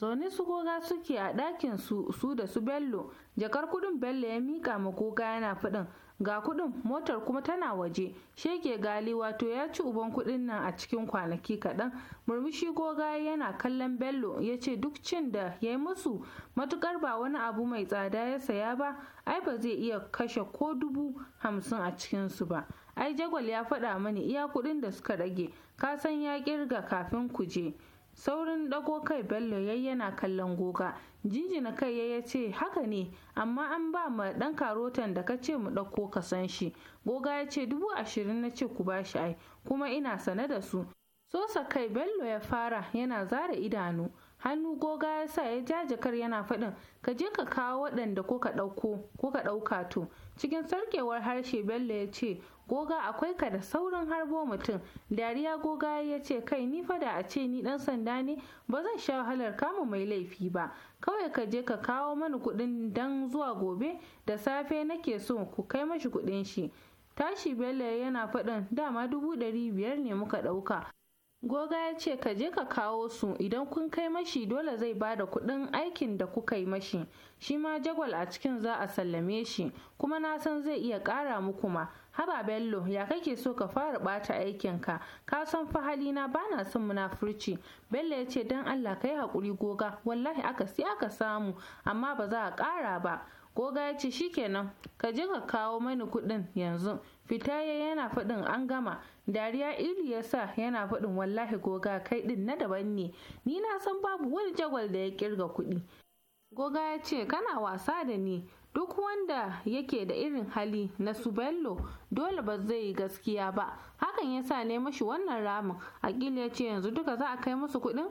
zaune su goga suke a ɗakin su su da su bello jakar kudin bello ya mika ma goga yana fadin ga kudin motar kuma tana waje shege gali wato ya ci uban kudin nan a cikin kwanaki kaɗan murmushi goga yana kallon bello ya ce duk cin da ya yi musu matukar ba wani abu mai tsada ya saya ba ai ba zai iya kashe ko dubu hamsin a cikin su ba ai jagwal ya faɗa mani iya kudin da suka rage ka san ya kirga kafin ku je saurin ɗago kai bello yayi yana kallon goga jinjina kai ya ce haka ne amma an ba ma ɗan karotan da ka ce mu ɗauko ka san shi goga ya ce dubu ashirin na ce ku bashi ai kuma ina sane da su sosa kai bello ya fara yana zara idanu hannu goga ya sa ya jajakar yana faɗin ka je ka kawo waɗanda ko ka ɗauko ko ka ɗauka to cikin sarkewar harshe bello ya ce goga akwai ka da saurin harbo mutum dariya goga ya ce kai ni fa da a ce ni dan sanda ne ba zan sha wahalar kama mai laifi ba kawai ka je ka kawo mani kudin dan zuwa gobe da safe nake so ku kai mashi kudin shi tashi bello yana faɗin dama dubu ɗari biyar ne muka ɗauka Goga ya ce ka je ka kawo su idan kun kai mashi dole zai ba da kuɗin aikin da kuka yi mashi shi ma jagwal a cikin za a sallame shi kuma na san zai iya ƙara muku ma haba bello ya kake so ka fara ɓata aikinka ka san fa halina ba na son munafurci bello ya ce don allah ka yi haƙuri goga wallahi aka sai aka samu amma ba za a ƙara ba goga ya ce shikenan ka je ka kawo mani kuɗin yanzu fita ya yana faɗin an gama dariya ili ya sa yana faɗin wallahi goga kai ɗin na daban ne ni na san babu wani jagwal da ya kirga kuɗi goga ya ce kana wasa da ni duk wanda yake da irin hali na su bello dole ba zai yi gaskiya ba hakan ya sa ne mashi wannan ramin akili ya ce yanzu duka za a kai musu kuɗin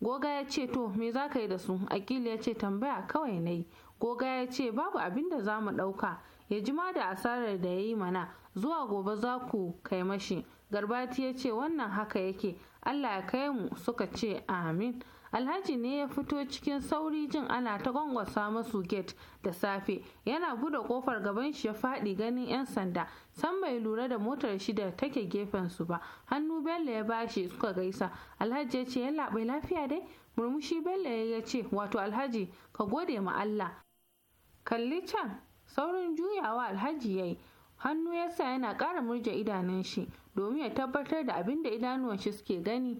goga ya ce to me za ka yi da su akili ya ce tambaya kawai na yi goga ya ce babu abin da za mu ɗauka ya jima da asarar da ya yi mana zuwa gobe za ku kai mashi garbati ya ce wannan haka yake allah ya kai mu suka ce amin alhaji ne ya fito cikin sauri jin ana ta gwangwasa masu gate da safe yana bude kofar gaban shi ya faɗi ganin 'yan sanda san bai lura da motar shi da take gefen su ba hannu bello ya bashi suka gaisa alhaji ya ce ya laɓe lafiya dai murmushi bello ya ce wato alhaji ka gode ma allah kalli can saurin juyawa alhaji ya yi hannu ya sa yana ƙara murje idanun shi domin ya tabbatar da abin da idanuwan shi suke gani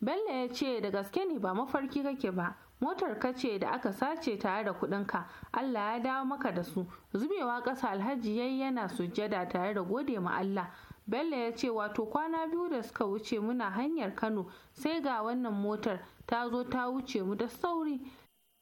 bello ya ce da gaske ne ba mafarki kake ba motar ka ce da aka sace tare da kuɗinka allah ya dawo maka da su zubewa ƙasa alhaji yayi yana sujjada tare da gode ma allah Bello ya ce wato kwana biyu da suka wuce muna hanyar Kano sai ga wannan motar ta zo ta wuce mu da sauri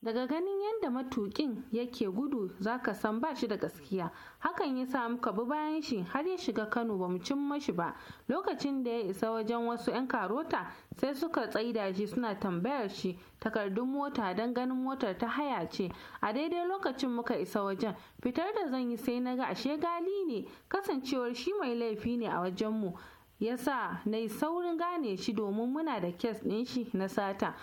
daga ganin yadda matukin yake gudu za ka san ba shi da gaskiya hakan ya sa muka bi bayan shi har ya shiga kano ba mu cin mashi ba lokacin da ya isa wajen wasu 'yan karota sai suka tsaida shi suna tambayar shi takardun mota don ganin motar ta haya ce a daidai lokacin muka isa wajen fitar da zan yi sai na ga ashe gali ne kasancewar shi mai laifi ne a wajenmu ya sa na yi saurin gane shi domin muna da kes ɗin shi na sata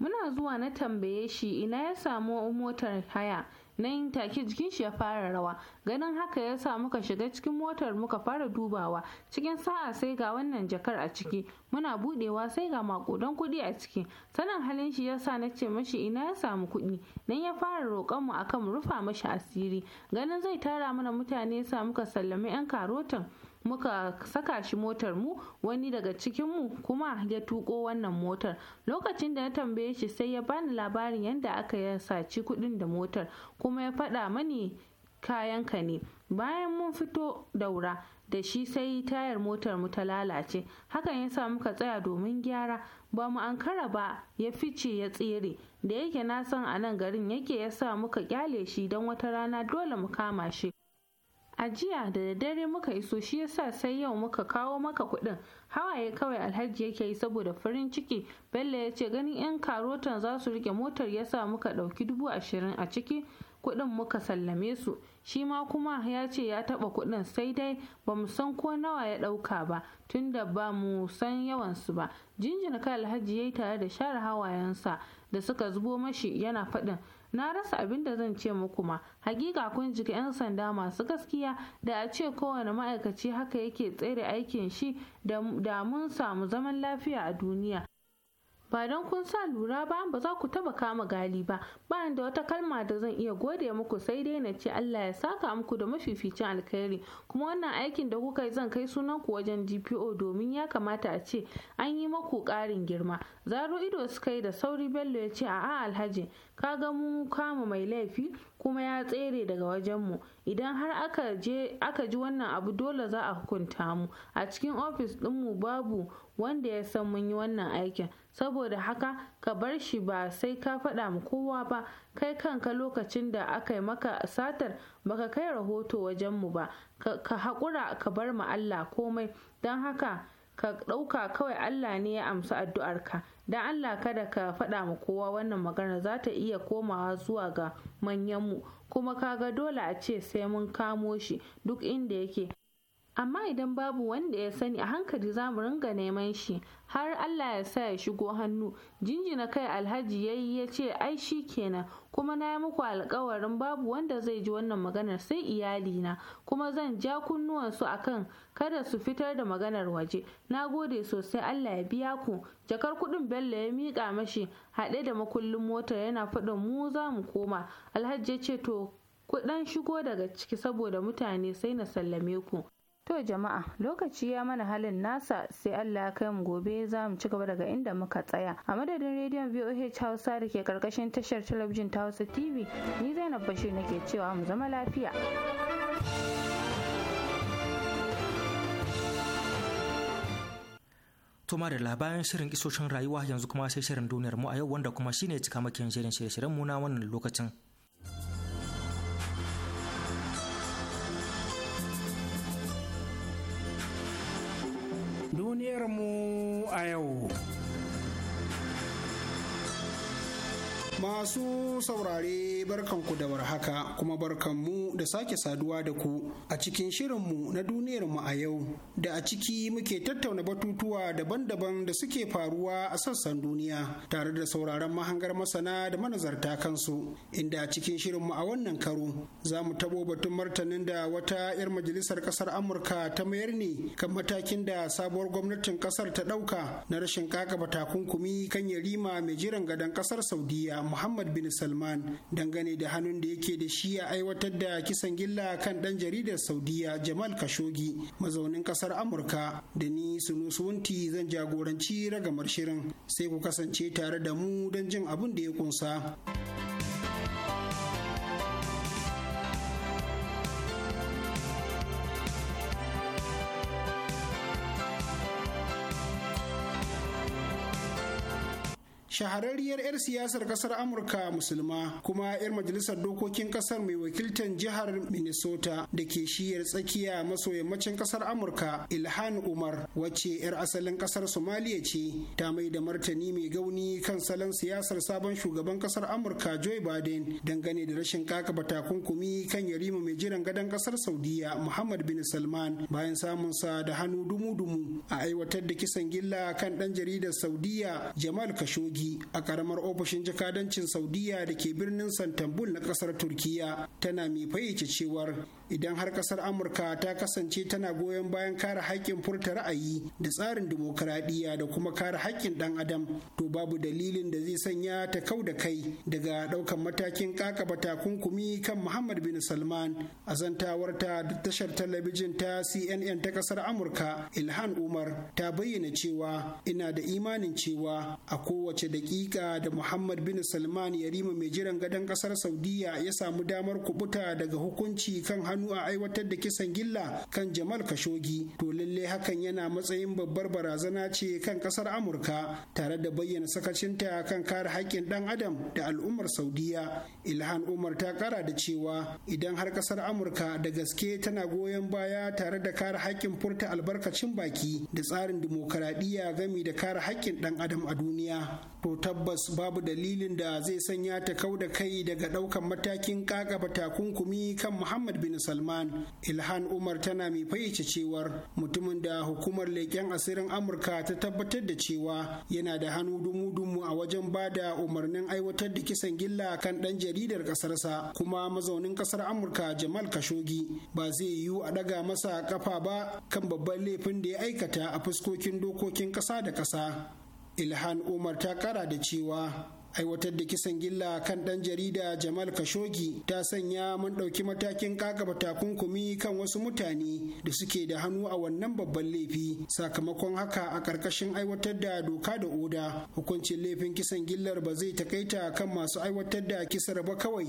muna zuwa na tambaye shi ina ya samu motar haya nan take jikin shi ya fara rawa ganin haka ya sa muka shiga cikin motar muka fara dubawa cikin sa'a sai ga wannan jakar a ciki muna budewa sai ga makudan kuɗi a ciki sanin halin shi ya sa na ce mashi ina ya samu kuɗi nan ya fara roƙon mu akan mu rufa mashi asiri ganin zai tara mana mutane sa muka sallami yan karotan muka saka shi motar mu wani daga cikin mu kuma ya tuko wannan motar lokacin da na tambaye shi sai ya bani labarin yadda aka ya saci kuɗin da motar kuma ya faɗa mani kayan ka ne bayan mun fito daura da shi sai tayar motar mu ta lalace hakan ya sa muka tsaya domin gyara ba mu ankara ba ya fice ya tsere da yake na san a nan garin yake ya sa muka kyale shi don wata rana dole mu kama shi a jiya da daddare muka iso shi yasa sai yau muka kawo maka kuɗin hawaye kawai alhaji yake yi saboda farin ciki bello ya ce ganin yan karotan za su rike motar yasa muka ɗauki dubu ashirin a ciki kuɗin muka sallame su shi ma kuma ya ce ya taɓa kuɗin sai dai ba mu san ko nawa ya ɗauka ba tunda ba mu san yawansu ba jinjina kai alhaji ya yi tare da share hawayensa da suka zubo mashi yana faɗin na rasa abin da zan ce muku ma hakika kun jika 'yan sanda masu gaskiya da a ce kowane ma'aikaci haka yake tsere aikin shi da mun samu zaman lafiya a duniya ba don kun sa lura ba ba za ku taba kama gali ba ba da wata kalma da zan iya gode muku sai dai na ce Allah ya saka muku da mafificin alkhairi kuma wannan aikin da kuka yi zan kai sunan ku wajen gpo domin ya kamata a ce an yi maku karin girma zaro ido suka yi da sauri Bello ya ce a'a Alhaji ka ga mu kama mai laifi kuma ya tsere daga wajen mu idan har aka je aka ji wannan abu dole za a hukunta mu a cikin ofis ɗinmu babu wanda ya san mun yi wannan aikin saboda haka ka bar shi ba sai ka faɗa ma kowa ba kai kanka lokacin da aka yi maka satar baka kai rahoto wajen mu ba ka haƙura ka bar mu Allah komai don haka ka ɗauka kawai Allah ne ya amsa addu'arka don Allah kada ka faɗa ma kowa wannan magana za ta iya komawa zuwa ga manyanmu kuma kaga dole a ce sai mun kamo shi duk inda yake amma idan babu wanda ya sani a hankali za mu ringa neman shi har allah ya sa ya shigo hannu jinjina kai alhaji ya yi ya ce ai shi kenan kuma na yi muku alkawarin babu wanda zai ji wannan maganar sai iyalina kuma zan ja kunnuwansu a kan kada su fitar da maganar waje na gode sosai allah ya biya ku jakar kudin bello ya mika mashi haɗe da makullin motar yana faɗin mu za mu koma alhaji ya ce to ku shigo daga ciki saboda mutane sai na sallame ku To jama'a lokaci ya mana halin nasa sai Allah ya kai mu gobe za mu ci gaba daga inda muka tsaya. A madadin rediyon VOH Hausa da ke karkashin tashar talabijin ta Hausa TV ni Zainab Bashir nake cewa mu zama lafiya. Tuma da labarin shirin isoshin rayuwa yanzu kuma sai shirin duniyar mu a yau wanda kuma shine cika makin shirin shirye-shiryen mu na wannan lokacin. mu a yau. Masu saurare barkanku da warhaka kuma barkanmu da sake saduwa da ku a cikin shirinmu na duniyarmu a yau da a ciki muke tattauna batutuwa daban-daban da suke faruwa a sassan duniya tare da sauraron mahangar masana da manazarta kansu inda a cikin shirinmu a wannan karo za mu tabo batun martanin da wata 'yar majalisar kasar Amurka ta mayar ne kan matakin da sabuwar gwamnatin kasar ta ɗauka na rashin kakaba takunkumi kan yarima mai jiran gadon kasar Saudiya Muhammad bin Salman dangane da hannun da yake da shi a aiwatar da kisan gilla kan ɗan jaridar Saudiya Jamal Khashoggi mazaunin ƙasar Amurka da ni Sunusunti zan jagoranci ragamar shirin sai ku kasance tare da mu don jin abin da ya kunsa. shahararriyar 'yar siyasar kasar amurka musulma kuma 'yar majalisar dokokin kasar mai wakiltar jihar minnesota da ke shiyar tsakiya maso yammacin kasar amurka ilhan umar wacce 'yar asalin kasar somaliya ce ta mai da martani mai gauni kan salon siyasar sabon shugaban kasar amurka joe biden dangane da rashin kakaba takunkumi kan yarima mai jiran gadon kasar saudiya muhammad bin salman bayan samunsa da hannu dumu-dumu a aiwatar da kisan gilla kan dan jaridar saudiya jamal kashogi turki a karamar ofishin jakadancin saudiya da ke birnin santambul na kasar turkiya tana mai fayyace cewar idan har kasar amurka ta kasance tana goyon bayan kare haƙƙin furta ra'ayi da tsarin dimokuraɗiyya da kuma kare haƙƙin ɗan adam to babu dalilin da zai sanya ta kau da kai daga ɗaukan matakin ƙaƙaba takunkumi kan muhammad bin salman a zantawarta da tashar talabijin ta cnn ta kasar amurka ilhan umar ta bayyana cewa ina da imanin cewa a kowace daƙiƙa da muhammad bin salman yarima mai jiran gadon ƙasar Saudiyya ya samu damar kubuta daga hukunci kan hannu a aiwatar da kisan gilla kan Jamal kashogi to lalle hakan yana matsayin babbar barazana ce kan kasar Amurka tare da bayyana sakacinta kan kare haƙƙin ɗan adam da al'ummar Saudiya Ilhan Umar ta kara da cewa idan har kasar Amurka da gaske tana goyon baya tare da kare haƙƙin furta albarkacin baki da tsarin dimokuraɗiyya gami da kare haƙƙin ɗan adam a duniya to tabbas babu dalilin da zai sanya ta kau da kai daga ɗaukan matakin ƙaƙaba takunkumi kan Muhammad bin salman ilhan umar tana mai fayyace cewar mutumin da hukumar leƙen asirin amurka ta tabbatar da cewa yana da hannu dumu-dumu a wajen ba da umarnin aiwatar da kisan gilla kan ɗan jaridar ƙasarsa kuma mazaunin ƙasar amurka jamal kashogi ba zai yiwu a ɗaga masa ƙafa ba kan babban laifin da ya aikata a fuskokin dokokin ƙasa da ƙasa ilhan umar ta kara da cewa aiwatar da kisan gilla kan ɗan jarida Jamal kashogi ta sanya mun ɗauki matakin kakaba takunkumi kan wasu mutane da suke da hannu a wannan babban laifi sakamakon haka a ƙarƙashin aiwatar da doka da oda hukuncin laifin kisan gillar ba zai takaita kan masu aiwatar da kisar ba kawai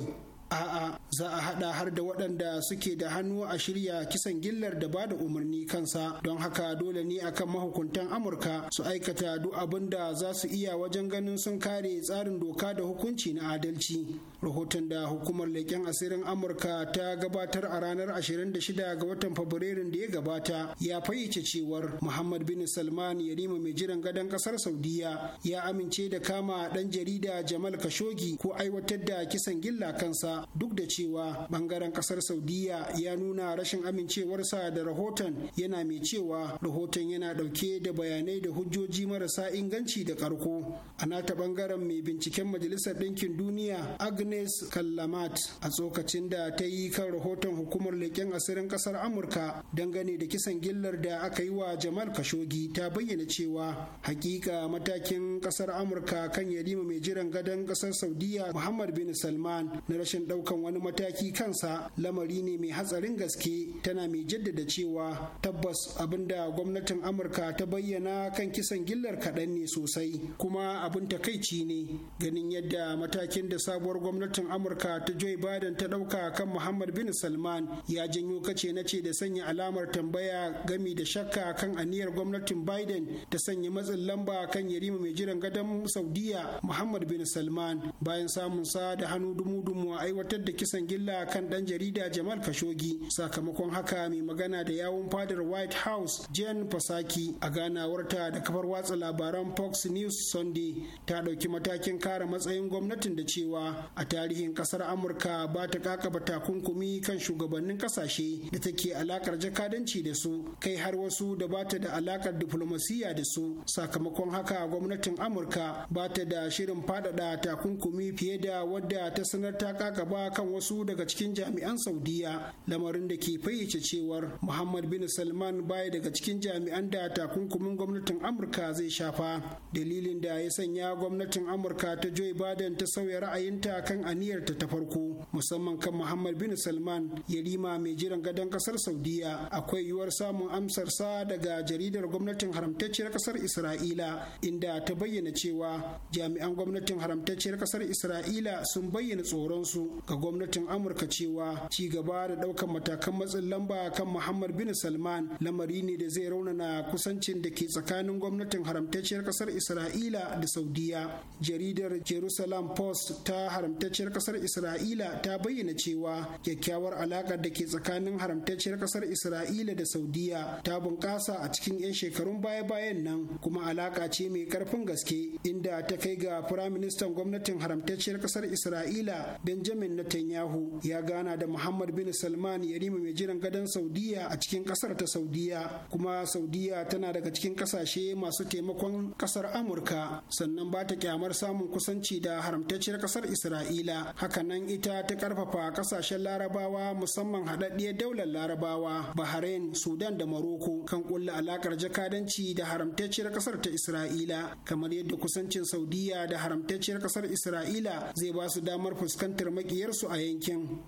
A'a za a haɗa har da waɗanda suke da hannu a shirya kisan gillar da bada umarni kansa don haka dole ne akan mahukuntan Amurka su aikata duk abin da za su iya wajen ganin sun kare tsarin doka da hukunci na adalci. rahoton da hukumar leƙen asirin amurka ta gabatar a ranar 26 ga watan fabrairun da ya gabata ya fayyace cewar muhammad bin salman yarima mai jiran gadon kasar saudiya ya amince da kama ɗan jarida jamal kashogi ko aiwatar da kisan gilla kansa duk da cewa ɓangaren ƙasar saudiya ya nuna rashin amincewarsa da rahoton yana mai cewa rahoton yana ɗauke da bayanai da hujjoji marasa inganci da karko a nata ɓangaren mai binciken majalisar ɗinkin duniya agne agnes kallamat a tsokacin da ta yi kan rahoton hukumar leƙen asirin ƙasar amurka dangane da kisan gillar da aka yi wa jamal kashogi ta bayyana cewa hakika matakin ƙasar amurka kan yalima mai jiran gadon ƙasar saudiya muhammad bin salman na rashin ɗaukan wani mataki kansa lamari ne mai hatsarin gaske tana mai jaddada cewa tabbas abin da gwamnatin amurka ta bayyana kan kisan gillar kaɗan ne sosai kuma abin takaici ne ganin yadda matakin da sabuwar gwamnati gwamnatin amurka ta joe biden ta ɗauka kan muhammad bin salman ya janyo kace na ce da sanya alamar tambaya gami da shakka kan aniyar gwamnatin biden ta sanya matsin lamba kan yarima mai jiran gadon saudiya muhammad bin salman bayan samun sa da hannu dumu-dumu a aiwatar da kisan gilla kan ɗan jarida jamal khashoggi sakamakon haka mai magana da yawun fadar white house jen fasaki a ganawarta da kafar watsa labaran fox news sunday ta ɗauki matakin kare matsayin gwamnatin da cewa a a tarihin kasar amurka ba ta kakaba takunkumi kan shugabannin kasashe da take alakar jakadanci da su kai har wasu da ba ta da alakar diflomasiyya da su sakamakon haka gwamnatin amurka ba ta da shirin faɗaɗa takunkumi fiye da wadda ta sanar ta kakaba kan wasu daga cikin jami'an saudiya lamarin da ke fayyace cewar muhammad bin salman baya daga cikin jami'an da takunkumin gwamnatin amurka zai shafa dalilin da ya sanya gwamnatin amurka ta joe biden ta sauya ra'ayinta kan kan aniyar ta farko musamman kan Muhammad bin Salman yarima mai jiran gadon kasar Saudiya akwai yiwuwar samun amsar sa daga jaridar gwamnatin haramtacciyar kasar Isra'ila inda ta bayyana cewa jami'an gwamnatin haramtacciyar kasar Isra'ila sun bayyana tsoron su ga gwamnatin Amurka cewa ci gaba da ɗaukar matakan matsin lamba kan Muhammad bin Salman lamari ne da zai raunana kusancin da ke tsakanin gwamnatin haramtacciyar kasar Isra'ila da Saudiya jaridar Jerusalem Post ta haramta haramtacciyar kasar isra'ila ta bayyana cewa kyakkyawar alakar da ke tsakanin haramtacciyar kasar isra'ila da saudiya ta bunƙasa a cikin 'yan shekarun baya-bayan nan kuma alaƙa ce mai ƙarfin gaske inda ta kai ga firaministan gwamnatin haramtacciyar kasar isra'ila benjamin netanyahu ya gana da muhammad bin salman yarima mai jiran gadon saudiya a cikin kasar ta saudiya kuma saudiya tana daga cikin kasashe masu taimakon kasar amurka sannan ba ta kyamar samun kusanci da haramtacciyar kasar isra'ila isra'ila hakanan ita ta karfafa kasashen larabawa musamman haɗaɗɗiyar daular larabawa bahrain sudan da maroko kan kulla alakar jakadanci da haramtacciyar kasar ta isra'ila kamar yadda kusancin saudiya da haramtacciyar kasar isra'ila zai ba su damar fuskantar makiyarsu a yankin.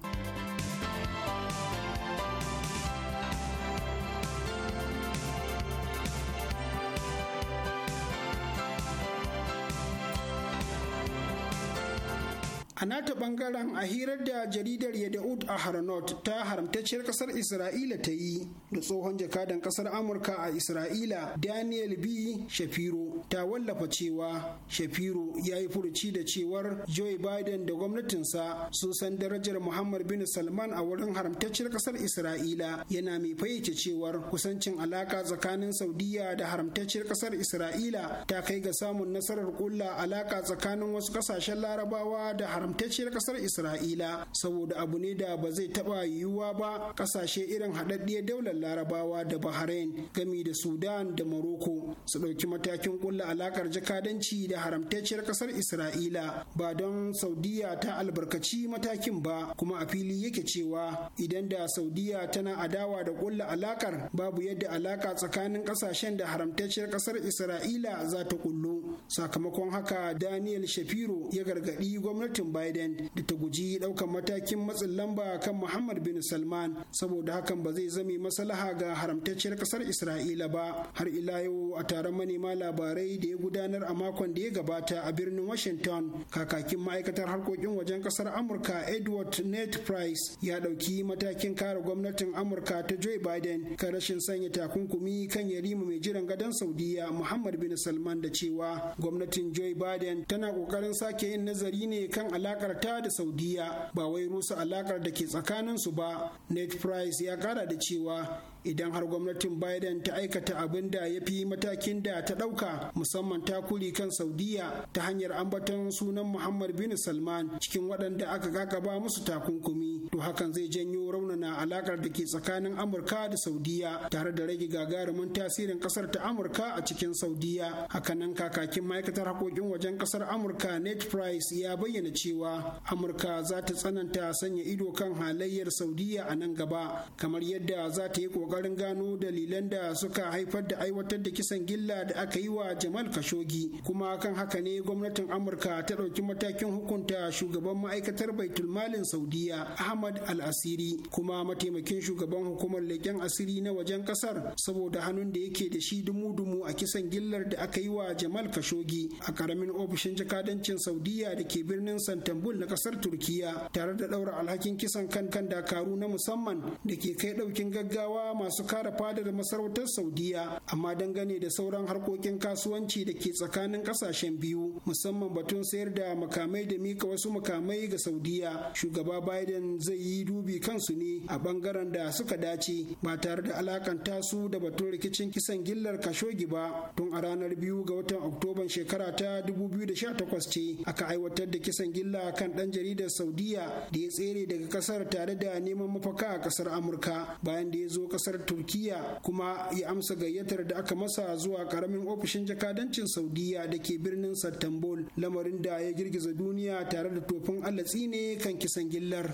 A nata bangaren a hirar da jaridar Yadda'ud a Haranot ta haramtacciyar kasar Isra'ila ta yi da tsohon jakadan kasar Amurka a Isra'ila Daniel B. Shapiro ta wallafa cewa Shapiro ya yi furuci da cewar Joe Biden da gwamnatinsa sun san darajar Muhammad bin Salman a wurin haramtacciyar kasar Isra'ila yana mai fayyace cewar kusancin alaka tsakanin Saudiya da haramtacciyar kasar Isra'ila ta kai ga samun nasarar kulla alaka tsakanin wasu kasashen Larabawa da haram haramtacciyar kasar isra'ila saboda abu ne da ba zai taba yiwuwa ba kasashe irin haɗaɗɗiyar daular larabawa da bahrain gami da sudan da morocco su ɗauki matakin ƙulla alakar jakadanci da haramtacciyar kasar isra'ila ba don saudiya ta albarkaci matakin ba kuma a fili yake cewa idan da saudiya tana adawa da ƙulla alaƙar babu yadda alaƙa tsakanin ƙasashen da haramtacciyar kasar isra'ila za ta kullu sakamakon haka daniel shapiro ya gargaɗi gwamnatin biden da ta guji ɗaukar matakin matsin lamba kan muhammad bin salman saboda hakan ba zai zame maslaha ga haramtacciyar ƙasar isra'ila ba har ila yau a taron manema labarai da ya gudanar a makon da ya gabata a birnin washington kakakin ma'aikatar harkokin wajen ƙasar amurka edward net price ya ɗauki matakin kare gwamnatin amurka ta joe biden kan rashin sanya takunkumi kan yarima mai jiran gadon Saudiyya muhammad bin salman da cewa gwamnatin joe biden tana kokarin sake yin nazari ne kan alakar ta da saudiya ba wai rusa alakar da ke tsakaninsu ba ned price ya kara da cewa idan har gwamnatin Biden ta aikata abin da ya fi matakin da ta ɗauka musamman takuri kan Saudiya ta hanyar ambaton sunan Muhammad bin Salman cikin waɗanda aka kakaba musu takunkumi to hakan zai janyo raunana alakar da ke tsakanin Amurka da Saudiya tare da rage gagarumin tasirin ƙasar ta Amurka a cikin Saudiya hakanan kakakin ma'aikatar haƙoƙin wajen ƙasar Amurka Ned Price ya bayyana cewa Amurka za ta tsananta sanya ido kan halayyar Saudiya a nan gaba kamar yadda za ta yi ƙoƙarin kokarin gano dalilan da suka haifar da aiwatar da kisan gilla da aka yi wa Jamal kashogi kuma kan haka ne gwamnatin Amurka ta ɗauki matakin hukunta shugaban ma'aikatar baitulmalin Malin Saudiya Ahmad Al-Asiri kuma mataimakin shugaban hukumar leƙen asiri na wajen ƙasar saboda hannun da yake da shi dumu-dumu a kisan gillar da aka yi wa Jamal kashogi a karamin ofishin jakadancin Saudiya da ke birnin Santambul na ƙasar Turkiya tare da ɗaura alhakin kisan kan kan dakaru na musamman da ke kai ɗaukin gaggawa masu kare fadar masarautar saudiya amma dangane da sauran harkokin kasuwanci da ke tsakanin kasashen biyu musamman batun sayar da makamai da mika wasu makamai ga saudiya shugaba biden zai yi dubi kansu ne a bangaren da suka dace ba tare da alakanta su da batun rikicin kisan gillar kashogi ba tun a ranar biyu ga watan oktoban shekara ta 2018 ce aka aiwatar da kisan gilla kan dan jaridar saudiya da ya tsere daga kasar tare da neman mafaka a kasar amurka bayan da ya zo kasar kasar turkiya kuma ya amsa gayyatar da aka masa zuwa karamin ofishin jakadancin saudiya da ke birnin Satambol, lamarin da ya girgiza duniya tare da tofin allatsi ne kan kisan gillar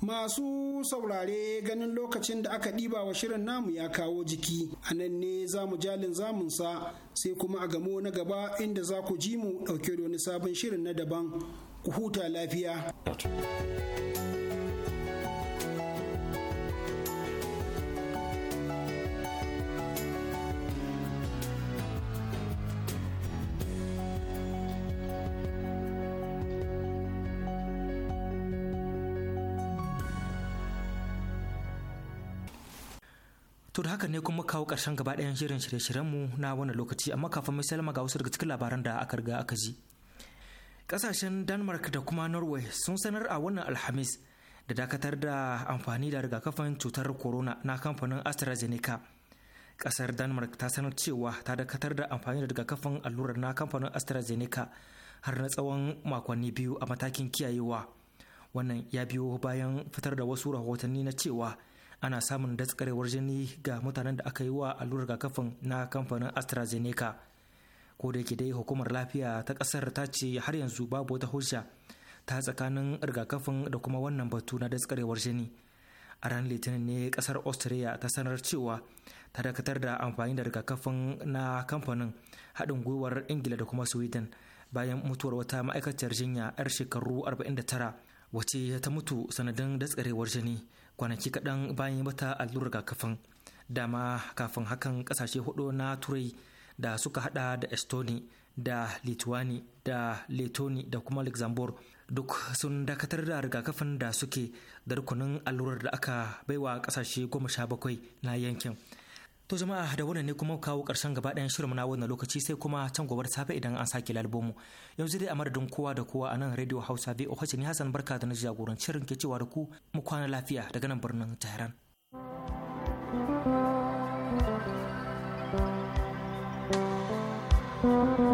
Masu saurare ganin lokacin da aka ɗiba wa shirin namu ya kawo jiki, a nan ne za mu jalin zamunsa sai kuma a gamo na gaba inda za ku ji mu ɗauke da wani sabon shirin na daban, ku huta lafiya. To da haka ne kuma kawo ƙarshen gaba ɗayan shirin shirye-shiryenmu na wannan lokaci amma kafin mai salama ga wasu daga cikin labaran da aka riga aka ji. Ƙasashen Denmark da kuma Norway sun sanar a wannan Alhamis da dakatar da amfani da rigakafin cutar corona na kamfanin AstraZeneca. Ƙasar Denmark ta sanar cewa ta dakatar da amfani da rigakafin allurar na kamfanin AstraZeneca har na tsawon makonni biyu a matakin kiyayewa. Wannan ya biyo bayan fitar da wasu rahotanni na cewa ana samun daskarewar jini ga mutanen da aka yi wa allurar rigakafin na kamfanin astrazeneca ko da dai hukumar lafiya ta kasar ta ce har yanzu babu wata hujja ta tsakanin rigakafin da kuma wannan batu na daskarewar jini a ran litinin ne kasar austria ta sanar cewa ta dakatar da amfani da rigakafin na kamfanin haɗin gwiwar ingila da kuma sweden bayan mutuwar wata ma'aikaciyar jinya 'yar shekaru 49 wace ta mutu sanadin daskarewar jini kwanaki kaɗan bayan bata mata allurar rigakafin dama kafin hakan ƙasashe hudu na turai da suka hada da estoni da lituani da letoni da kuma luxembourg duk sun dakatar da rigakafin da suke da rukunin allurar da aka baiwa ƙasashe goma sha bakwai na yankin To jama'a da wannan ne kuma kawo ƙarshen gaba ɗayan shirin na wannan lokaci sai kuma can gobar safe idan an sake lalbomu. Yanzu dai a madadin kowa da kowa a nan Radio Hausa ohaci ni Hassan Barka da na jagorancin rinke cewa da ku mu kwana lafiya daga nan birnin Tehran. thank you